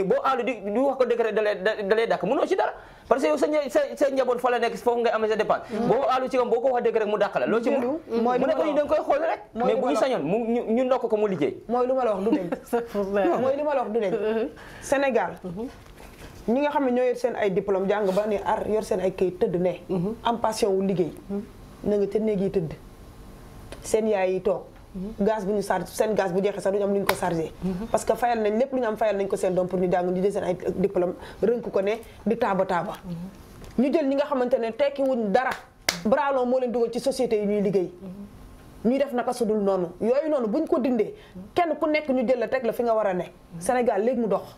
C: boo àllu di wax ko décret da lay da lay dàq dara parce que yow sa sa njaboot fa la nekk foofu ngay amee sa dépense mm. boo alu ci boo ko wax dëgg rek mu dàq la loo ci mu mooy lu ma la wax du deñ mooy
B: lu ma la wax du deñ mm-hmm. Sénégal mm-hmm. ñi nga xam ne ñoo yor seen ay diplôme jàng ba ne ar yor seen ay kayit tëdd ne mm-hmm. am passion wu liggéey na nga ca néeg yi tëdd seen yaay yi toog gaz bu ñu chargé seen gaz bu jeexee sax du ñu am lu ñu ko chargé mhm. parce que fayal nañ lépp lu ñu am fayal nañ ko seen doom pour ñu jàng ñu jël seen diplôme rënk ko ne di taaba taaba mhm. ñu del ñi nga xamante ne tekki wuñ dara mhm. bralon moo leen dugal ci société yi ñuy liggéey ñuy def naka sudul noonu yooyu noonu buñ ko dindee kenn ku nekk ñu jël la teg la fi nga war a ne Sénégal léegi mu dox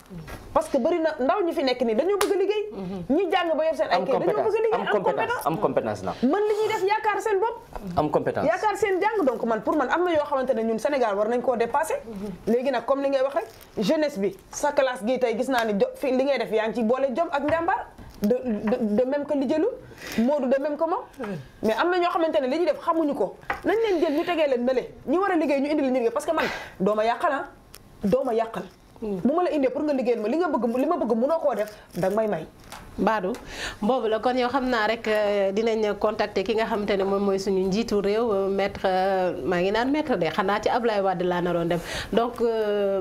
B: parce que bëri na ndaw ñi fi nekk nii dañoo bëgg a liggéey mhm. ñi jàng ba yor seen ay kay dañoo a am compétence am compétence na yaakaar seen bopp
C: am yaakaar
B: seen jàng donc man pour man am na yoo xamante ne ñun Sénégal war nañ koo dépassé mhm. léegi nag comme li ngay wax rek jeunesse bi sa classe gi tey gis naa ni fi li ngay def yaa ngi ci boole jom ak njàmbaar de de même que Lidjalu Modou de même ko moom mais am na ñoo xamante ne li ñuy def xamuñu ko nañ leen jël ñu tegee leen nële ñu war a liggéey ñu indi la ñu liggéey parce que man dooma yàqal ah dooma yàqal. bu ma la indee pour nga liggéeyal ma li nga bëgg li ma bëgg mënoo koo def danga may may.
A: Badou boobu la kon yow xam naa rek euh, dinañ contacter ki nga xamante ne moom mooy suñu njiitu réew euh, maître euh, maa ngi naan maître de xanaa ci Ablaye Wade laa na doon dem donc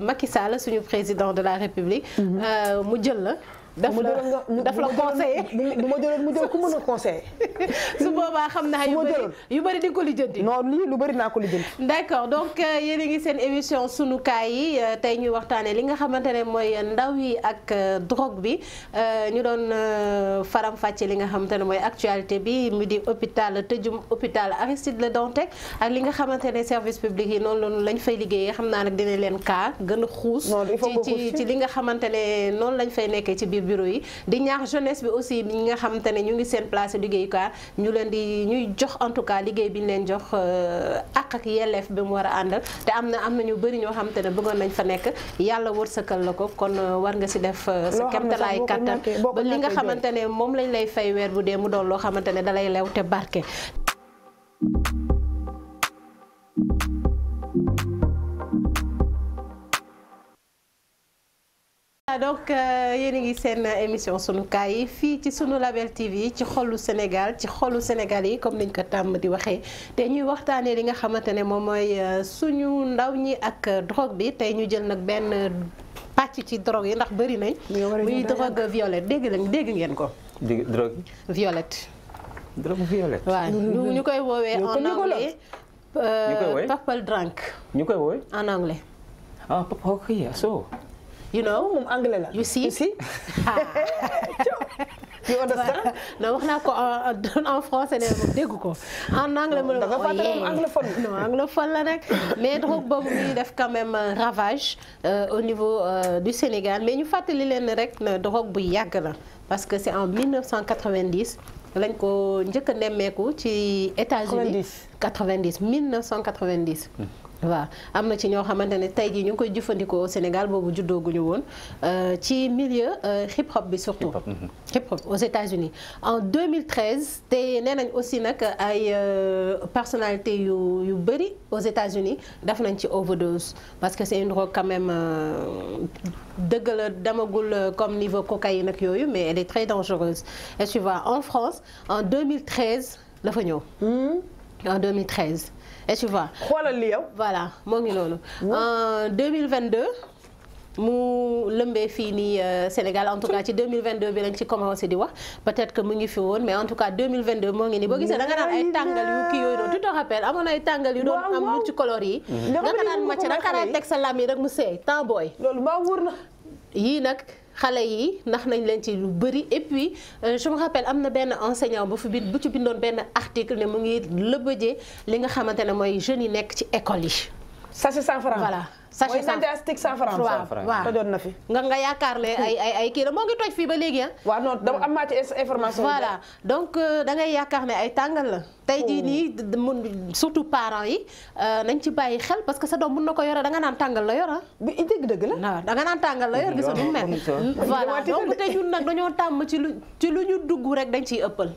A: Macky Sall suñu président de la République. Mm-hmm. mu jël la. daf la daf la conseillé
B: bu ma jëloon mu jël ku mën a
A: conseillé. su boobaa xam naa yu bëri yu bëri di nga ko lijjanti. non lii lu bëri naa ko lijjanti. d' donc euh, yéen a ngi seen émission sunukaay yi euh, tey ñuy waxtaanee li nga xamante ne mooy ndaw yi ak euh, drogue bi ñu doon faram fàcce li nga xamante ne mooy actualité bi mu di hôpital tëjum hôpital Aristide Le Dantec ak li nga xamante ne service public yi noonu loolu lañ fay liggéeyee xam naa nag dina leen kaa gën a xuus. ci ci li nga xamante ne noonu lañ fay nekkee ci biir bureau yi di ñaax jeunesse bi aussi ñi nga xamante ne ñu ngi seen place liggéeyukaay ñu leen di ñuy jox en tout cas liggéey bi ñu leen jox euh, ak ak yelleef bi mu war a àndal te am na am na ñu bëri ñoo xamante ne bëggoon nañ fa nekk yàlla wërsëkal la ko kon euh, war nga si def euh, sa kemtalaay kattan ba li nga xamante ne moom lañ lay fay weer bu dee mu doon loo xamante ne dalay lew te barke donc euh, yéen a ngi seen émission sunukaay yi fii ci sunu Label TV ci xolu Sénégal ci xolu Sénégal yi comme niñ ko tàmm di waxee te ñuy waxtaanee li nga xamante ne moom mooy euh, suñu ndaw ñi ak drogue bi tey ñu jël nag benn pàcc ci drogue yi ndax bëri nañ. muy drogue violette dégg lañ dégg ngeen ko. dégg drogue. violette.
C: drogue violette. waaw ñu
A: koy woowee en anglais.
C: ñu ñu koy woowee
A: you know moom anglais la. you see you wax naa ko en euh, en français ne dégg ko en anglais. mu ne ma oh, ooyee la rek. mais drogue boobu muy def quand même euh, ravage euh, au niveau du Sénégal mais ñu fàttali leen rek ne drogue bu yàgg la parce que c'est en 1990. lañ ko njëkk a nemmeeku ci États-Unis 90 1990. waaw am na ci ñoo xamante ne tey jii ñu ngi koy jëfandikoo Sénégal boobu juddooguñu woon euh, ci milieu euh, hip hop bi surtout. hip hop mhm. aux États-Unis en 2013 te nee nañ aussi nag ay euh, personnalité yu yu bëri aux États-Unis daf nañ ci overdose parce que c'est une drogue quand même dëgg la demagul comme niveau cocaïne ak yooyu mais elle est très dangereuse et tu vois en France en dafa la fa ñëw. Hmm? en et tu xoolal li yow. voilà moo ngi noonu. en euh, 2022. mu lëmbee fii nii euh, Sénégal en tout cas ci 2022 bi lañ ci commencé di wax peut que mu ngi fi woon mais en tout cas 2022 moo ngi nii boo gisee da nga naan ay tàngal yu kii yooyu noonu tu te amoon ay tàngal yu doon am lu ci couleur yi. da nga naan màcc da nga naan teg sa lam yi rek mu seey temps booy. loolu maa wóor na. yii nag. xale yi ndax nañ leen ci lu bëri et puis euh, je me rappelle am na benn enseignant bu fi bind bu ci bindoon benn article ne mu ngi lëbëjee li nga xamante ne mooy jeunes yi nekk ci école yi. sachet 100 francs voilà sachet 100 mooy Nanda stick 100 francs. waaw waaw na fi. nga nga yaakaar ne ay kii la moo ngi toj fii ba léegi ah. waaw non dama am naa ci information. voilà donc da ngay yaakaar ne ay tàngal la. tey jii nii surtout parents yi nañ ci bàyyi xel parce que sa doom mën na ko yore da nga naan tàngal la yor ah. bi dëgg-dëgg la. waaw da nga naan tàngal la yor gis nga du mel. voilà donc te ñun nag dañoo tàmm ci lu ci lu ñu dugg rek dañ ciy ëppal.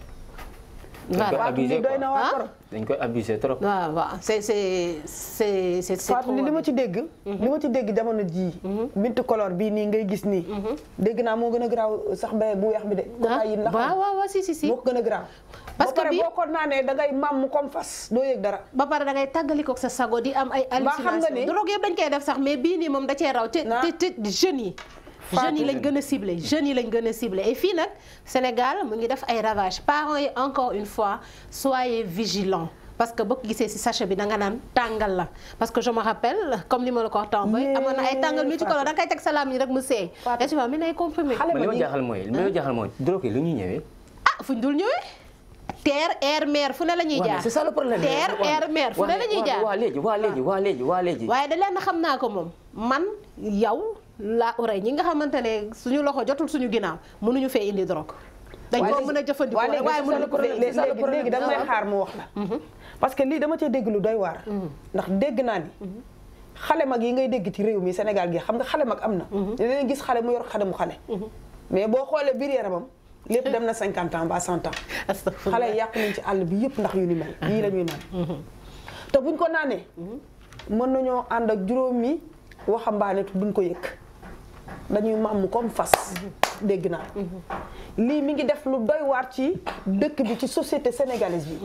C: voilà dañ koy abusé trop. waaw
A: waaw c' est c'
B: est c' est Fatou li ma ci dégg. Mhm. li ma ci dégg jamono jii. Mhm. minti color bii nii ngay gis nii. Mhm. dégg naa moo gën a garaaw sax ba bu weex bi de. cocaïne la waaw waaw si si gën a garaaw.
A: parce que bi boo ko naanee da ngay maam comme fas dara. ba pare dangay ngay tàggali ko sa sago di am ay. hallucination drogue yëpp dañ koy def sax mais bii nii moom da cee raw. te te te yi. jeunes yi lañ gën a ciblé jeunes yi lañ gën a ciblé et fii nag Sénégal mu ngi def ay ravage parents yi encore une fois soyez vigilants parce que boo gisee si sachet bi da nga naan tàngal la parce que je me rappelle comme ni ma la ko wax tàmbali. amoon na ay tàngal mi ci kaw la da nga teg salaam yi rek mu seey. et tu vois mi comprimé. xale ma li ma jaaxal mooy li ma
C: jaaxal mooy drogue yi lu ñuy ñëwee.
A: ah fu ñu dul ñëwee. terre air mer fu ne la ñuy jaar c'est ça le problème terre air mer fu ne ñuy jaar. waaw léegi
C: waaw léegi waaw léegi waaw léegi.
A: waaye da na xam naa ko moom man yow. la oreille ñi nga xamante ne suñu loxo jotul suñu ginaaw mënuñu fee indi drogue. dañ koo mën a jëfandikoo waaye léegi léegi da may ah.
B: mhm. que lii dama cee lu doy waar. Mhm. ndax dégg naa ni. Mhm. xale yi ngay dégg ci réew mi Sénégal gi xam nga xale mag am na. dinañ gis xale mu yor xale boo xoolee biir yaramam. lépp dem na cinquante ans ba cent ans. astafurlah xale yàq nañ ci bi yëpp ndax yu ni mel. yii la ñuy naan. te buñ ko naanee. mën nañoo ànd ak juróomi waxambaane duñ ko yëkk dañuy màmm comme fas dégg naa lii mi ngi def lu doy waar ci dëkk bi ci société sénégalaise bi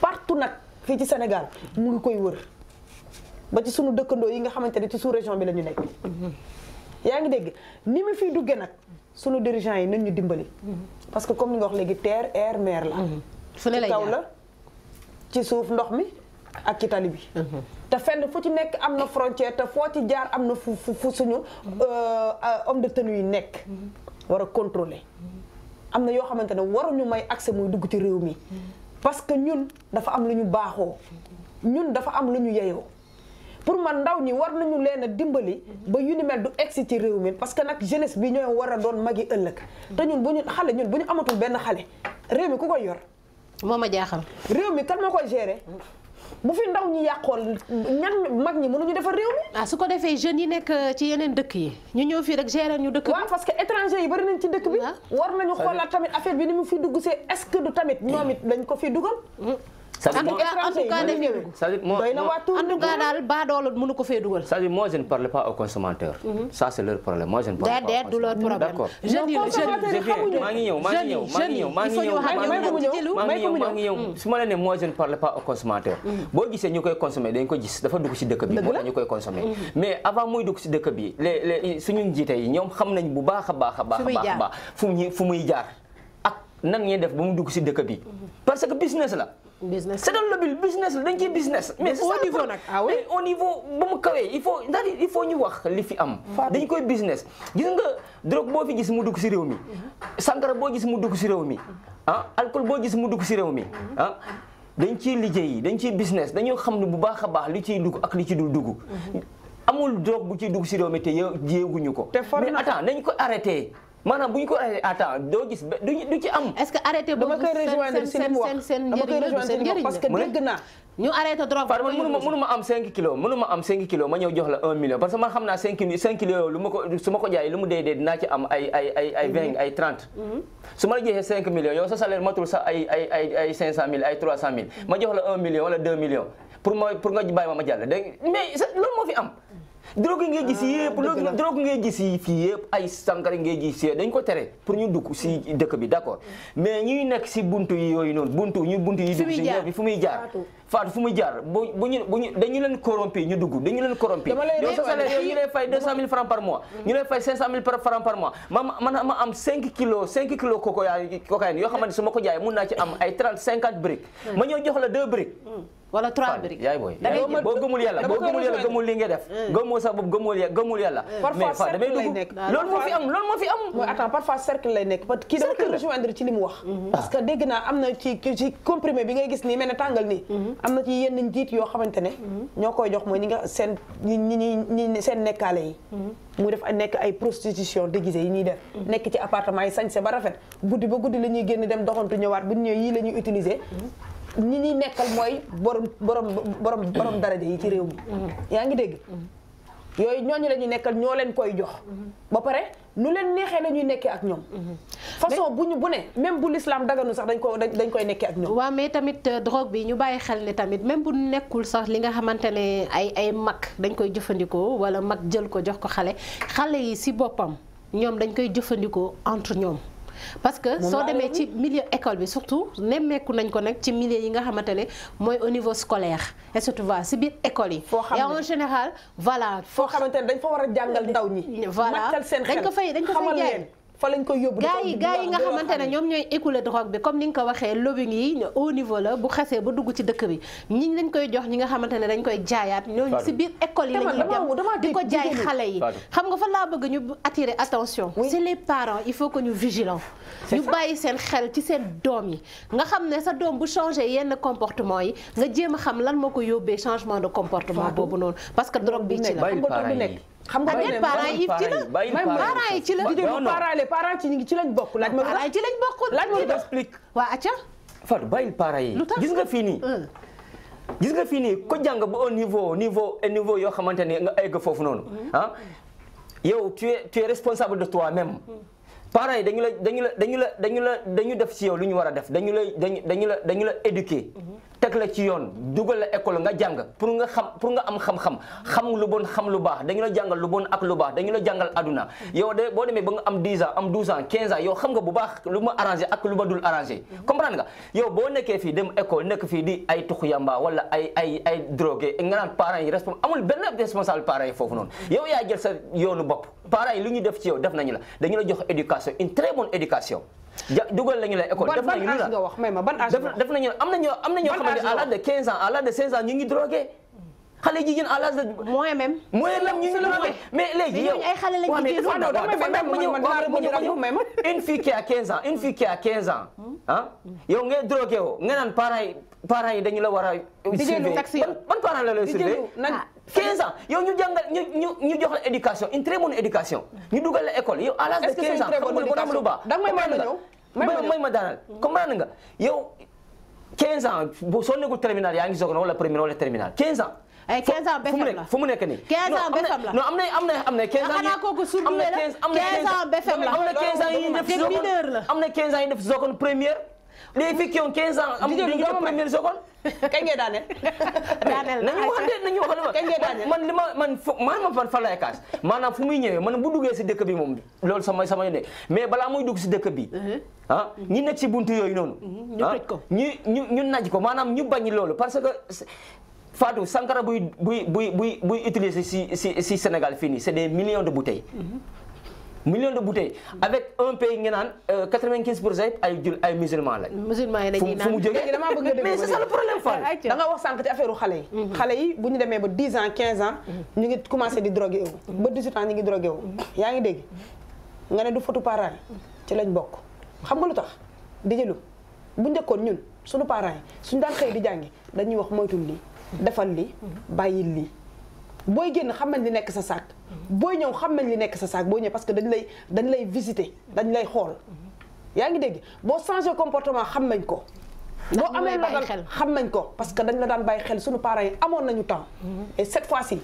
B: partout nag fii ci Sénégal mu ngi koy wër ba ci sunu dëkkandoo yi nga xamante ne ci sous région bi la ñu nekk yaa ngi dégg ni mu fiy duggee nag sunu dirigeant yi nañ ñu dimbali parce que comme ni nga wax léegi ter air mer la fu ne lay kaw la ci suuf ndox mi ak ci tali bi te fenn fu ci nekk am na frontière te foo ci jaar am na fu fu suñu euh, homme de tenue yu nekk war a contrôler am na yoo xamante ne ñu may accès muy dugg ci réew mi parce que ñun dafa am lu ñu baaxoo ñun dafa am lu ñu yeyoo pour man ndaw ñi war nañu leen dimbali ba yu ni mel du ci réew mi parce que nag jeunesse bi ñoo war a doon magi ëllëg te ñun bu ñu xale ñun bu ñu amatul benn xale réew mi
A: ku koy yor moo ma jaaxal réew mi kan moo koy gérer bu fi ndaw ñi yàqool ñan mag ñi mënuñu defar réew mi. ah su ko defee jeune yi nekk euh, ci yeneen dëkk yi ñu ñëw fii rek
B: gérer ñu dëkk bi. waaw parce que étranger yi bari nañ ci dëkk bi. Ah. war nañu xoolaat tamit affaire bi ni mu fi dugg see est-ce
A: du tamit ñoom it dañ ko fi dugal. Mm. en tout cas en
C: tout
A: cas
C: en tout cas daal baadoola mënu ngi mhm. ñëw maa ngi ñëw maa ngi ñëw maa ngi ñëw maa su ma la nee moo je ne parle pas aux consommateurs. Mhm. boo gisee ñu koy consommer dañ ko gis dafa dugg si dëkk bi moo tax ñu koy consommer mhm. mais avant muy dugg ci dëkk bi les les suñu njiite yi ñoom xam nañ bu baax a baax a baax a baax fu muy fu muy jaar ak nan ñuy def ba mu dugg si dëkk bi parce que business la business c'est dans le but business la dañ ciy business. mais au niveau nag ah oui au niveau ba mu kawee il faut ndax faut ñu wax li fi am. dañ koy business gis nga drogue boo fi gis mu dugg si réew mi.
D: Mm-hmm.
C: sàngara boo gis mu dugg si réew mi mm-hmm. ah alcool boo gis mu dugg si réew mi mm-hmm. ah. dañ ciy liggéey dañ ciy business dañoo xam ne bu baax a baax li ciy dugg ak li ci dul dugg. amul drogue bu ciy dugg si réew mi te yow jéeguñu ko. te mais attends nañ ko arrêté. maanaam bu ñu ko eh, arrêté à temps doo gis du ci am. est-ce que arrêté boobu
A: seen seen seen seen
C: njëriñ parce que am 5 kilos mënuma am 5 ma ñëw jox la 1 million parce que man xam naa 5 5 kilos yow lu ma ko su ma ko jaayee lu mu dee dee am ay ay ay ay 20
D: mm-hmm.
C: ma jox la 1 million wala 2 millions pour nga bàyyi ma ma jàll dégg mais loolu moo fi am. drogue nga gis ah, yëpp drogue ngay gis yi fii yëpp ay sàngara ngay gis yëpp dañ ko tere pour ñu dugg si dëkk bi d'accord mm. mais ñuy nekk si buntu yi yooyu noonu buntu ñu buntu yi dugg si ñëw bi bu buñu buñu dañu leen corrompi ñu dugg dañu leen corrompi yow sa salaire ñu lay fay deux cent mille francs par mois mm. ñu lay fay cinq cent mille francs ma man ma am cinq kilos cinq kilos cocaïne yoo xamante su ma ko jaayee naa ci am ay trente cinquante briques mm. ma ñëw jox la deux briques wala trois briques yaay booy boo gëmul yàlla boo gëmul yàlla gëmul li nga def hmm. gëmoo sa bopp gëmul yàlla gëmul yàlla hmm. mais hmm.
B: lay nekk parce que kii dama koy rejoindre ci li mu wax parce que dégg naa am na ci ci bi ngay gis nii mel ne tàngal nii am na ci yenn njiit yoo xamante ne ñoo koy jox mooy ñi nga seen ñi ñi ñi seen nekkaale yi mu def nekk ay prostitution déguisée yi ñuy def nekk ci appartement yi sañse ba rafet guddi ba guddi la ñuy génn dem doxantu ñëwaat bu ñu yii la ñuy utiliser ñi ñuy nekkal mooy borom borom borom borom daraja yi ci réew mi. Mm-hmm. yaa ngi dégg. Mm-hmm. yooyu ñooñu la ñuy nekkal ñoo leen koy jox. Mm-hmm. ba pare
A: nu leen neexee la ñuy nekkee ak ñoom. façon bu ñu bu ne même bu l'islam daganu sax dañ ko dañ koy nekkee ak ñoom. waaw mais tamit euh, drogue bi ñu bàyyi xel ne tamit même bu nekkul sax li nga xamante ne ay ay mag dañ koy jëfandikoo wala mag jël ko jox ko xale xale yi si boppam ñoom dañ koy jëfandikoo entre ñoom. parce que soo demee ci milieu école bi surtout nemmeeku nañ ko nag ci milieu yi nga xamante ne mooy au niveau scolaire et surtout voilà si biir école yi. et en général voilà. foo xamante ne dañ fa war a jàngal ndaw ñi. voilà dañ ko fay dañ ko fay jaay fa lañ koy yóbbu. gaa yi gaa yi nga xamante ne ñoom ñooy écouler drogue bi comme ni nga ko waxee lobbying yi au niveau la bu xasee ba dugg ci dëkk bi ñi lañ koy jox ñi nga xamante ne dañ koy jaayaat ñooñu si biir école yi la ñuy dem di ko jaay xale yi xam nga fa laa bëgg ñu attirer attention c'est les parents il faut que ñu vigilant ñu bàyyi seen xel ci seen doom yi nga xam ne sa doom bu changé yenn comportement yi nga jéem a xam lan moo ko yóbbee changement de comportement boobu noonu parce que drogue bi ci xam nga ne parents yi ci la parents
B: yi ci la.
C: non non parents les parents ci ci lañ bokk. laaj ma parents yi ci lañ
A: bokk.
B: laaj ma
C: explique. waa acca. Fatou bàyyil parents yi. gis nga fii nii. Euh. gis nga fii nii ko jàng ba au niveau niveau niveau yoo xamante ne nga egg foofu noonu. Mhm. ah yow tu es tu es responsable de toi-même. Mhm. parents yi dañu la dañu la dañu la dañu la dañu def ci yow lu ñu war a def dañu la dañu dañu la dañu la éduquer. Mhm. teg la ci yoon dugal la école nga jàng pour nga xam pour nga am xam-xam xam lu bon xam lu baax dañu la jàngal lu bon ak lu baax dañu la jàngal aduna yow de boo demee ba nga am 10 ans am 12 ans 15 ans yow xam nga bu baax lu ma arrangé ak lu ma dul arrangé comprendre nga yow boo nekkee fii dem école nekk fii di ay tuxu yamba wala ay ay ay drogué nga naan parents yi responsable amul benn responsable parents yi foofu noonu yow yaa jël sa yoon bopp parents yi lu ñu def ci yow def nañu la dañu la jox éducation une très bonne éducation ja dugal nañu la école nañu la nga wax may ma ban am na ñoo am na ñoo xamante ne à l'âge de 15 ans à l'âge de 16 ans ñu ngi drogué xale jigéen à l'âge de moins même mais léegi yow ay xale lañu jigéen ma ñëw une fille qui a 15 ans une fille qui a 15 ans hmm. ah yow ngay drogué woo nga naan parents yi parents yi dañu la war a suivre ban parent la lay suivre ah, 15 ans yow ñu jàngal ñu ñu ñu jox la éducation une très bonne éducation. ñu dugal la école yow à l'âge de 15 ans xamul lu bon am lu baax. da nga may may ma ñëw may ma daanal comprendre nga yow 15 ans bu soo nekkul terminal yaa ngi soog wala première wala terminal 15 ans. ay eh, 15 ans BFM la fu mu nekk nii. 15 ans BFM la non am na am na am na 15 ans. Ah, xanaa kooku surtout la 15 ans BFM la am na 15 ans yu def. am na 15 ans yu def zokon première. les filles qui ont 15 ans am na 15 ans première zokon. kañ ngay daaneel. daaneel nañu waxante nañu ma man li ma man maanaam man fa laay kaas maanaam fu muy ñëwee man bu duggee si dëkk bi moom loolu sama sama yoon mais balaa muy dugg si dëkk bi. Mhm. ah ñi nekk si buntu yooyu noonu. Mhm, ñu ah, ko ñu ñu ñu naj ko maanaam ñu bañ loolu parce que. Fatou Sankara buy buy buy buy buy utiliser si si si Sénégal fii nii c'est des millions de bouteilles. Mhm. millions de bouteilles avec un pays nga naan 95 euh, pour cent ay jul ay musulmans lañ. musulmans
B: yi dañuy naan fu mu jógee damaa bëgg nga déglu mhm. demee ba 10 ans 15 mhm. commencé di drogué wu. Mhm. ba 18 ans ñu ngi drogué wu. yaa ngi dégg nga ne du fotu parent ci lañ bokk xam nga lu tax di jëlu bu njëkkoon ñun suñu parent yi suñu daan xëy di jàngi dañuy wax moytul lii defal lii bàyyil lii booy génn xam nañ li nekk sa saak booy ñëw xam nañ li nekk sa saak booy ñëw parce que dañ lay dañ lay visiter dañ lay xool yaa ngi dégg boo changé comportement xam nañ ko. boo amee la daan xam nañ ko parce que dañ la daan bàyyi xel suñu parents yi amoon nañu temps. Mm-hmm. et cette fois ci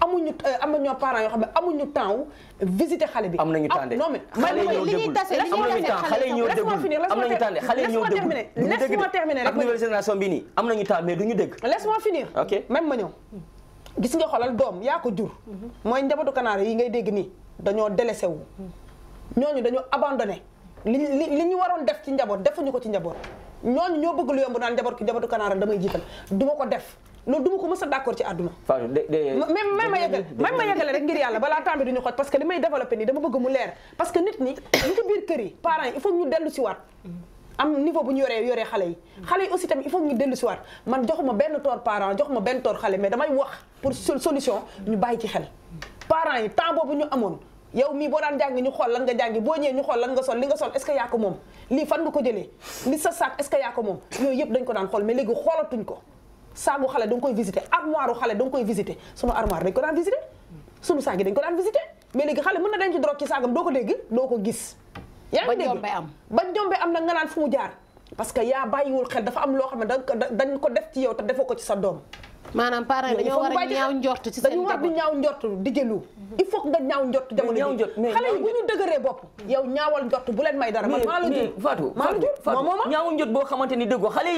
B: amuñu euh, am nañoo parents yoo xam ne amuñu temps wu visiter xale bi. am nañu
C: ah, temps de non mais. xale yi ñoo déglu am nañu temps de xale yi ñoo déglu. laisse-moi terminer laisse-moi terminer nii am nañu temps mais duñu dégg.
B: laisse-moi finir.
C: ok même ma ñëw.
B: gis nga xolal doom yaa ko jur. mooy njabootu kanaara yi ngay dégg nii dañoo délaissé wu. ñooñu dañoo abandonné li li li ñu waroon def ci njaboot defuñu ko ci njaboot ñooñu ñoo bëgg lu yomb naan njaboot ki njabootu kanaara damay jiital du ko def. loolu du ma ko mës a ci àdduna même ma yëgal même ma yëgale rek ngir yàlla balaa temps bi du ñu xooj parce que li may développé nii dama bëgg mu leer parce que nit ñi ñi ci biir kër yi parents yi il ñu dellu si am niveau bu ñu yoree yoree xale yi xale yi aussi tamit il faut ñu dellu si waat man joxuma benn toor parent joxuma benn toor xale mais damay wax pour solution ñu bàyyi ci xel parents yi temps boobu ñu amoon yow mii boo daan jàngi ñu xool lan nga jàngi boo ñëwee ñu xool lan nga sol li nga sol est-ce que yaa ko moom lii fan nga ko jëlee li sa saak est yaa ko moom yooyu yëpp dañ ko daan xool mais léegi xoolatuñ ko saagu xale da koy visité armoire u xale da nga koy visité sunu xale mën ko dégg doo ko yaa ngi dégg ba am ba jombe am nag nga naan fu mu jaar parce que yaa bàyyiwul xel dafa am loo xam ne dañ ko def ci yow te defoo ko ci sa doom maanaam parents yi dañoo war a ñaaw njort nga ñaaw njort jamono bi xale yi bu ñu
C: dëgëree bopp yow
B: ñaawal njort bu leen may dara man maa la jur
C: Fatou Fatou ñaawal njort boo xamante ni dëggoo xale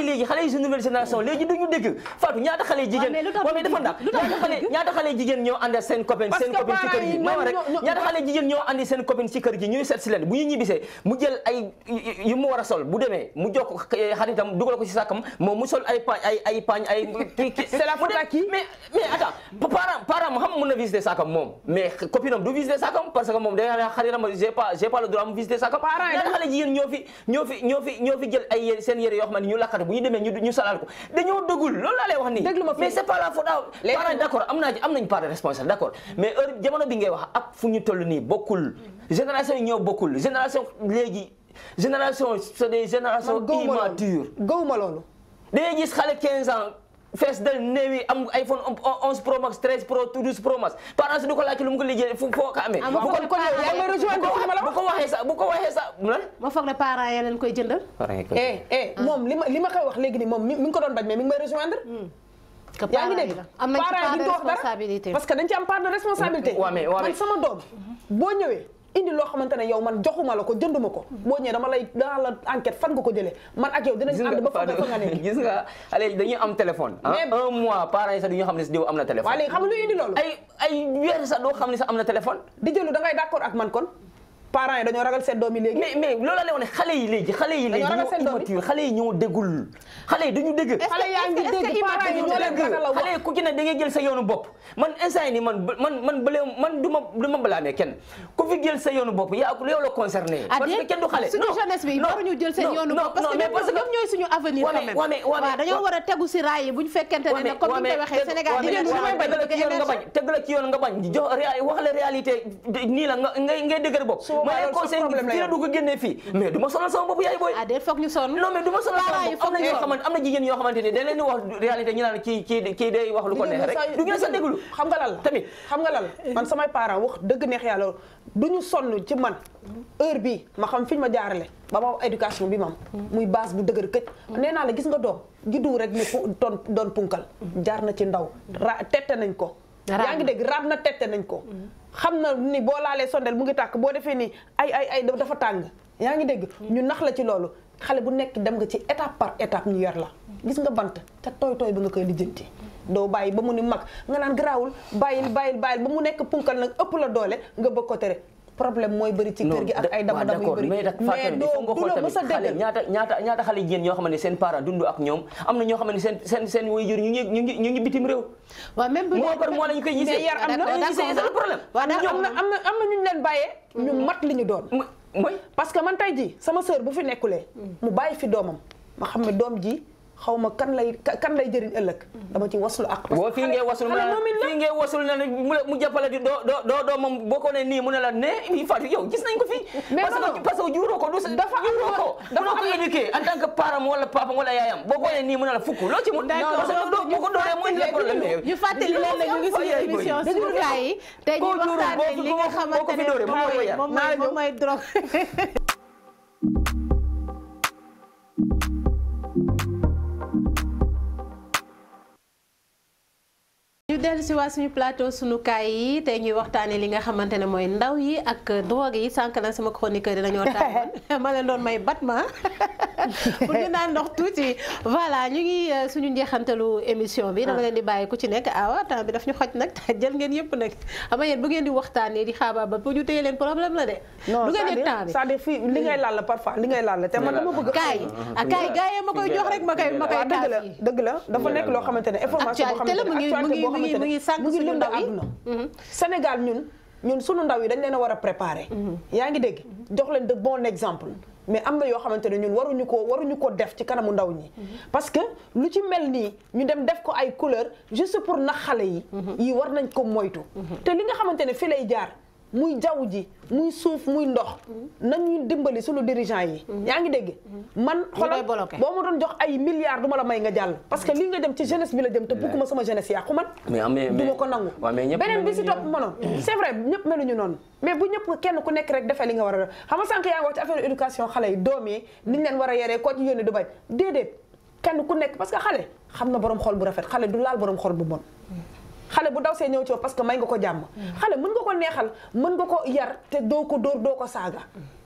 C: yi ma bu ñu ñibbisee mu jël ay yu mu war ko ci sàkkam moom mu sol ay paañ ay paañ ay faute à qui mais mais attends parent parent xam na visiter saakam moom mais copine am du visiter saakam parce que moom day xaritam j'ai mu visiter saakam parent ñaata xale jigéen ñoo fi ñoo fi ñoo fi ñoo fi jël ay yére seen yére yoo xam ne ñu lakkate bu ñu demee ñu salal ko dañoo dëggul loolu laa lay wax nii mais c'est pas la faute am naa am nañ part mais heure jamono bi ngay wax fu ñu toll nii bokkul génération yi ñoo génération léegi génération c'est des générations immatures fees del newi am iPhone 11 Pro Max 13 Pro 12 Pro Max parents du ko laaj lu mu ko liggéey fu foo ko amee. Ah, bu ko waxee sax bu ko waxee sax lan.
A: ma foog ne parents yi leen koy jëndal. eh eh ah. moom
B: li ma li wax léegi nii moom mi ko doon bañ mais mi ngi may rejoindre. Hmm. que parents yi la am nañ ci part de parce que dañ ci am part de responsabilité. waaw mais waaw boo ñëwee. indi loo xamante ne yow man joxuma la ko jënduma ko boo ñëwee dama lay danaa la enquête fan nga ko jëlee man ak yow dinañ ànd
C: ba fa nga nekk gis nga allez dañuy am téléphone ah. un mois parents yi du ñu xam ne si diw am na téléphone waaw léegi xam nga lu indi loolu ay weer sax doo xam ne sax am na téléphone di jëlu da ngay d'accord ak man kon parents yi dañoo ragal seen doom yi léegi. mais mais loolu la woon xale yi léegi xale yi léegi ñoo immature xale yi ñoo déggul xale yi duñu dégg. xale yaa ngi dégg parents yi ñoo leen ragal la wax xale yi ku ci ne da ngay jël sa yoonu bopp man instant yi nii man man man bële man du ma du ma blâmer kenn ku fi jël sa yoonu bopp yaa yow la concerné ah, parce que kenn du xale suñu jeunesse bi waruñu jël seen yoonu bopp parce que ñoom ñooy suñu
A: avenir quand même waaw dañoo war a tegu si raay yi buñ fekkente ne nag comme ni nga waxee Sénégal di leen lu may bañ
C: tëgg la ci yoon nga bañ jox wax la réalité nii la nga ngay dëgër bopp ma lay conseillé fii la du ko génnee fii mais du ma sonal sama bopp yaay booy ah dee foog ñu sonn non mais du ma sonal sama bopp am na yoo xamante am na jigéen ñu naan kii kii du ngeen sa déglu eh. man
B: samay parents wax dëgg neex yàlla du ñu sonn ci man heure bi ma xam fi ñu ma jaarale ba ma éducation bi mam hmm. muy base bu dëgër këj hmm. nee naa la gis nga doom juddu rek ne ton doon punkal hmm. jaar na ci ndaw tette nañ ko yaa ngi dégg raam na tette nañ ko. Mm-hmm. xam na ni boo laalee sondeel mu ngi tàkk boo defee nii ay ay ay dafa tàng yaa ngi dégg. Mm-hmm. ñu nax la ci loolu xale bu nekk dem nga ci étape par étape ñu yor la. Mm-hmm. gis nga bant te tooy tooy bi nga koy lijjanti. doo bàyyi ba mu ni mag nga naan garaawul bàyyil bàyyil bàyyil ba mu nekk punkal nag ëpp la doole nga bëgg ko tere problème mooy bëri
C: ci kër gi ak ay dama dama yu bëri mais doo a dégg ñaata ñaata ñaata xale jigéen ñoo xam ne seen parents dund ak ñoom am na ñoo xam ne seen seen seen waajur ñu
B: ngi parce que man tey ji sama sœur bu fi nekkulee mm. mu bàyyi fi doomam ma xam ne doom ji xaw ma kan lay kan lay jëriñ ëllëg. dama ci waslu ak. parce que xale wasul na
C: fii ngeen wasul na mu jàppale di doo doo doo moom boo ko nee nii mu ne la nee Fatou yow gis nañ ko fii. mais parce que parce que juuroo ko du dafa juuroo ko dafa ko éduqué en tant que parent wala papa wala yaayam boo ko nee nii mu ne la fukk loo ci mu. d'accord donc boo ko dooree mooy le problème yooyu. ñu fàttali leen ne ñu ngi suñu émission suñu gars yi. tey ñu waxtaanee li nga xamante ne moom
A: mooy drogue dellu si waa suñu plateau suñu kaay yi tey ñuy waxtaanee li nga xamante ne mooy ndaw yi ak drogue yi sànq na sama chroniqueur yi dañoo tàmmoon ma leen doon may batma pour ñu naan ndox tuuti voilà ñu ngi euh, suñu njeexantalu émission bi. dama ah. leen di bàyyi ku ci nekk ah, awa temps bi daf ñu xoj nag jël ngeen yëpp nag ama yéen bu ngeen di waxtaanee di xaabaa ba pour ñu téye leen problème la de. du ngeen di temps bi c'est-à-dire fii li ngay laal
B: la parfois li ngay laal la te man dama bëgg. kaay ah, kaay gars ma koy jox rek ma koy dëgg la dëgg dafa nekk loo xamante ne information boo xamante ne actualité boo xamante ne mu ngi mu ngi lënd àdduna mm-hmm. Sénégal ñun ñun sunu ndaw yi dañ leen a war a préparer mm-hmm. yaa ngi dégg mm-hmm. jox leen de bon exemple mais am na yoo xamante ne ñun waruñu ko waruñu ko def ci kanamu ndaw ñi. Mm-hmm. parce que lu ci mel nii ñu dem def ko ay couleur juste pour nax xale yi. Mm-hmm. yii war nañ ko moytu. Mm-hmm. te li nga xamante ne fi lay jaar. muy jaww ji muy suuf muy ndox mm-hmm. nañu dimbali sunu dirigeant yi mm-hmm. yaa ngi dégg mm-hmm. man xoolal boo ma doon jox ay milliards du ma la may nga jàll parce que lii nga jëm ci jeunesse bi la jëm te bugguma sama jeunesse yàqu man
C: ah, du ma ko nangu beneen bi si topp manoon
B: c'est vrai ñëpp meluñu noonu mais bu ñëpp kenn ku nekk rek defee li nga war a def xam nga sànq yaa ngi wax ci affaire éducation xale yi doome yi niñ leen war a yaree koo ci yónni du bañ déedéet kenn ku nekk parce que xale xam na borom xol bu rafet xale du laal borom xol bu bon xale bu daw see ñëw ci parce que may nga ko jàmm xale mën nga ko neexal mën nga ko yar te doo ko dóor doo ko saaga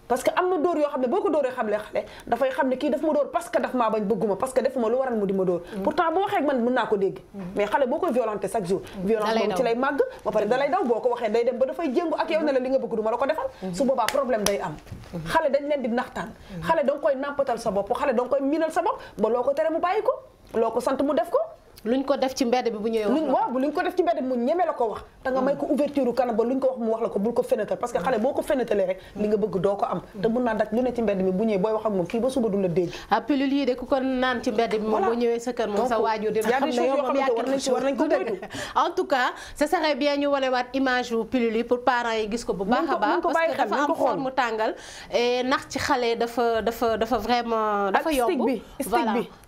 B: parce que am na dóor yoo xam ne boo ko dóoree xam le xale dafay xam ne kii daf ma dóor parce que daf maa bañ bëgguma parce que def ma lu waral mu di ma dóor mm. pourtant boo waxee ak man mën naa ko mm. koy violenté chaque mm. waxee ak yow ne li nga bëgg du la ko defal su boobaa problème day am mm-hmm. xale dañ leen naxtaan xale danga koy nàmpatal sa bopp xale danga koy miinal sa bopp ba loo ko tere mu ko luñ ko def ci mbedd bi bu ñëwee ko def ci mbedd bi mu ñeme la ko wax te nga may ko ouverture kanam ba luñ ko wax mu wax la ko bul ko fenetal parce que xale boo ko fenetalee rek li nga bëgg doo ko am te mën naa daj lu ne ci mbedd bi bu ñëwee booy moom
A: ah, ko naan ci mbedd bi moom boo ñëwee sa kër moom sa waajur dina xam ne yow moom yaakaar nañ ci war nañ ko dégg en tout cas ce serait bien ñu walewaat image yu pilule yi pour parents yi gis ko bu baax a baax parce que dafa am forme tàngal et ndax ci xale dafa dafa dafa vraiment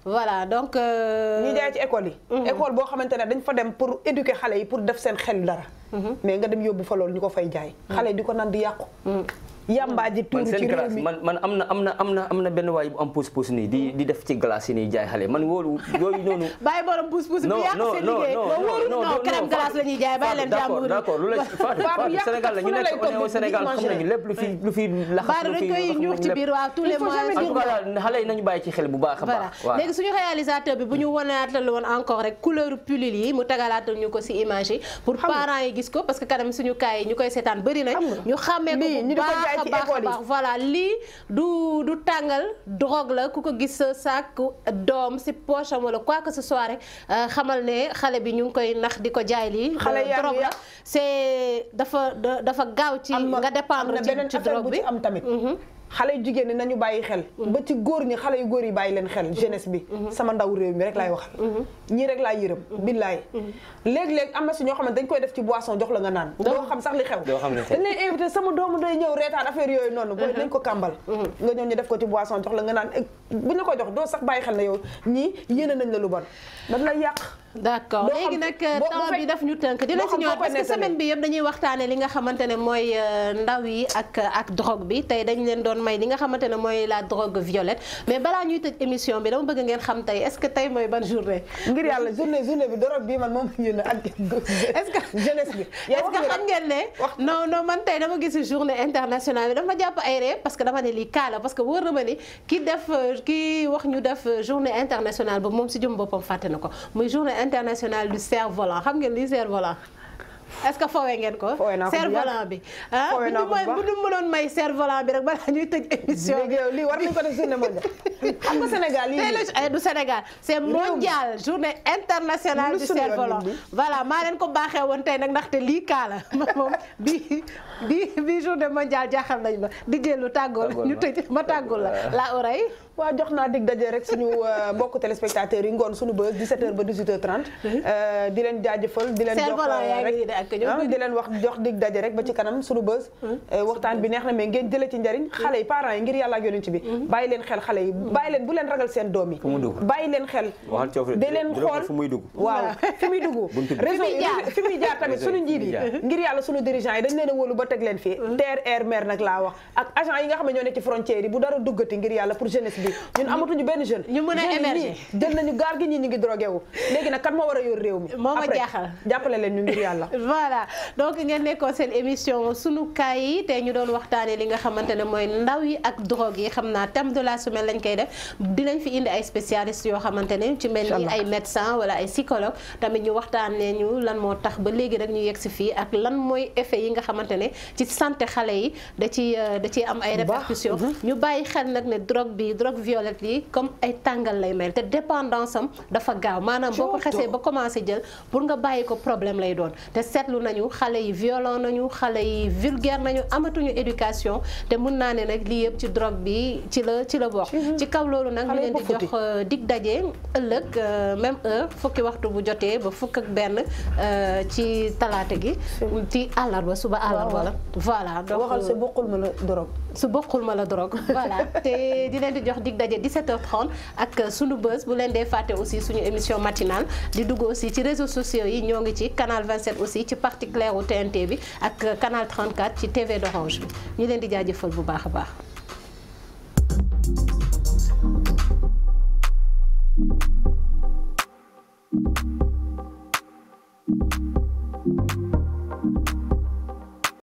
B: voilà donc. Euh, ñi jaay ci école yi. Mm-hmm. école boo xamante ne dañ fa dem pour éduquer xale yi pour def seen xel dara. Mm-hmm. mais nga dem yóbbu fa loolu ñu ko fay jaay. Mm-hmm. xale di ko nan di yàqu. Mm-hmm. yàmbaa
C: man am na am na am na benn waay bu am pousse pousse nii di def ci glace yi nii jaay xale man wóolu yooyu noonu.
A: bàyyi borom pousse
B: pousse bi yàq seen liggéey. non
C: non bàyyi ci xel bu baax a baax. voilà
A: léegi suñu réalisateur bi bu ñu wanaatal woon encore rek couleur pulil yi mu tagalaat ñu ko ci image pour parents yi gis gis ko parce que kanam suñu kaay yi ñu koy seetaan bëri nañ ñu xàmmee ko bu baax a baax baax voilà lii du du tàngal drogue la ku ko gis sàkk doom si poche am wala quoi que ce rek euh, xamal ne xale bi ñu ngi koy nax di ko jaay lii euh, drogue la c'est dafa dafa gaaw ci nga dépendre ci drogue
B: bi am tamit mhm. xale yu jigéen ñi nañu bàyyi xel. Mm-hmm. ba ci góor ñi xale yu góor yi bàyyi leen xel mm-hmm. jeunesse bi. Mm-hmm. sama ndaw réew mi rek laay waxal. ñii rek laay yërëm. billaay léeg-léeg am na si ñoo dañ koy def ci boisson jox la nga naan. doo xam sax li xew. xam li xew dañ lay invité sama doomu day ñëw reetaan yooyu noonu. booy nañ ko kàmbal. nga ñëw def ko ci boisson jox la nga naan bu ñu ko jox doo sax bàyyi xel na yow
A: ñii yéene nañ la lu bon dañ lay yàq. d'accord léegi nag temps bi daf ñu tënk dina ci ñëwaat parce que semaine bi yëpp dañuy waxtaane li nga xamante ne mooy euh, ndaw yi ak ak drogue bi tey dañu leen doon may li nga xamante ne mooy la drogue violette mais balaa ñuy tëj émission bi dama bëgg ngeen xam tey est-ce que tey mooy ban journée ngir yàlla journée journée bi drogue bi man moom ngeen ne non non man tey dama gis journée internationale bi dama jàpp ay ree parce que dama ne lii kaala parce que wóor na ma ni ki def ki wax ñu def journée internationale boobu moom si jëm boppam fàtte na ko international du cerf-volant xam ngeen luy cerf-volant est-ce que fowe ngeen ko. fowe bi. Ah, bu bu ñu mënoon may cerf bi rek balaa ñuy tëj émission bi. war nañu ko def journée mondiale. xam nga Sénégal lii eh, du Sénégal c'est mondial journée internationale du cerf voilà maa leen ko baaxee woon tey nag ndaxte lii kaa la moom bii bi bi journée mondiale jaaxal nañ ma diggeelu tàggoo ñu la la oreille jox naa dig daje rek suñu euh,
B: mbokku téléspectateurs yi ngoon suñu bës 17h ba 18h30. Euh, di leen jaajëfal di leen. jox euh, rek ah, di leen wax jox dig daje rek ba ci kanam suñu bës. waxtaan bi neex na mais ngeen jëlee njariñ xale yi parents yi ngir yàlla ak yonent bi. Mhm. bàyyi leen xel xale yi mhm. bàyyi leen bu leen ragal seen doom yi. leen xel.
C: di leen xool fu muy dugg. waaw
B: muy dugg. fi muy jaar tamit suñu njiit yi a ñëw teg leen fii hmm. terre air mer nag laa wax ak agent yi nga xam ne ci frontière yi bu dara duggati ngir yàlla pour jeunesse bi ñun amatuñu benn jeune ñu mën a émerger jël nañu gaar gi ñi ñu a yor réew mi moo ma jaaxal jàppale leen ñu ngir yàlla
A: voilà donc ngeen nekkoon seen émission sunu kaay yi tey ñu doon waxtaanee li nga xamante ne mooy ndaw yi ak drogue yi xam naa thème de la semaine lañ koy def dinañ fi indi ay spécialistes yoo xamante ne ci mel ni ay médecin wala ay psychologue tamit ñu lan moo tax ba léegi rek ñu yegg si fii ak lan mooy effet yi nga xamante ne ci santé xale yi da ci euh, da ciy am ay répercussions mhm. ñu bàyyi xel nag ne drogue bi drogue violette yi comme ay tàngal lay mel te dépendance am dafa gaaw maanaam boo ko xesee ba commencé jël pour nga bàyyi ko problème lay doon te seetlu nañu xale yi violent nañu xale yi vulgaire nañu amatuñu éducation te mun naa ne nag lii yëpp ci drogue bi ci la ci la bokk mhm. ci kaw loolu nag ñu leen di jox euh, dig daje ëllëg euh, même heure fukki waxtu bu jotee ba fukk ak benn ci talaate gi ci suba àllarba la. voilà donc waxal su bokkul ma la dorog. su bokkul ma la dorog voilà te di leen di jox dig daje 17h30 ak sunu bës bu leen dee fàtte aussi suñu émission matinale di dugg aussi ci réseaux sociaux yi ñoo ngi ci canal 27 aussi ci partie claire u TNT bi ak canal 34 ci TV d'Orange bi ñu leen di jaajëfal bu baax a baax.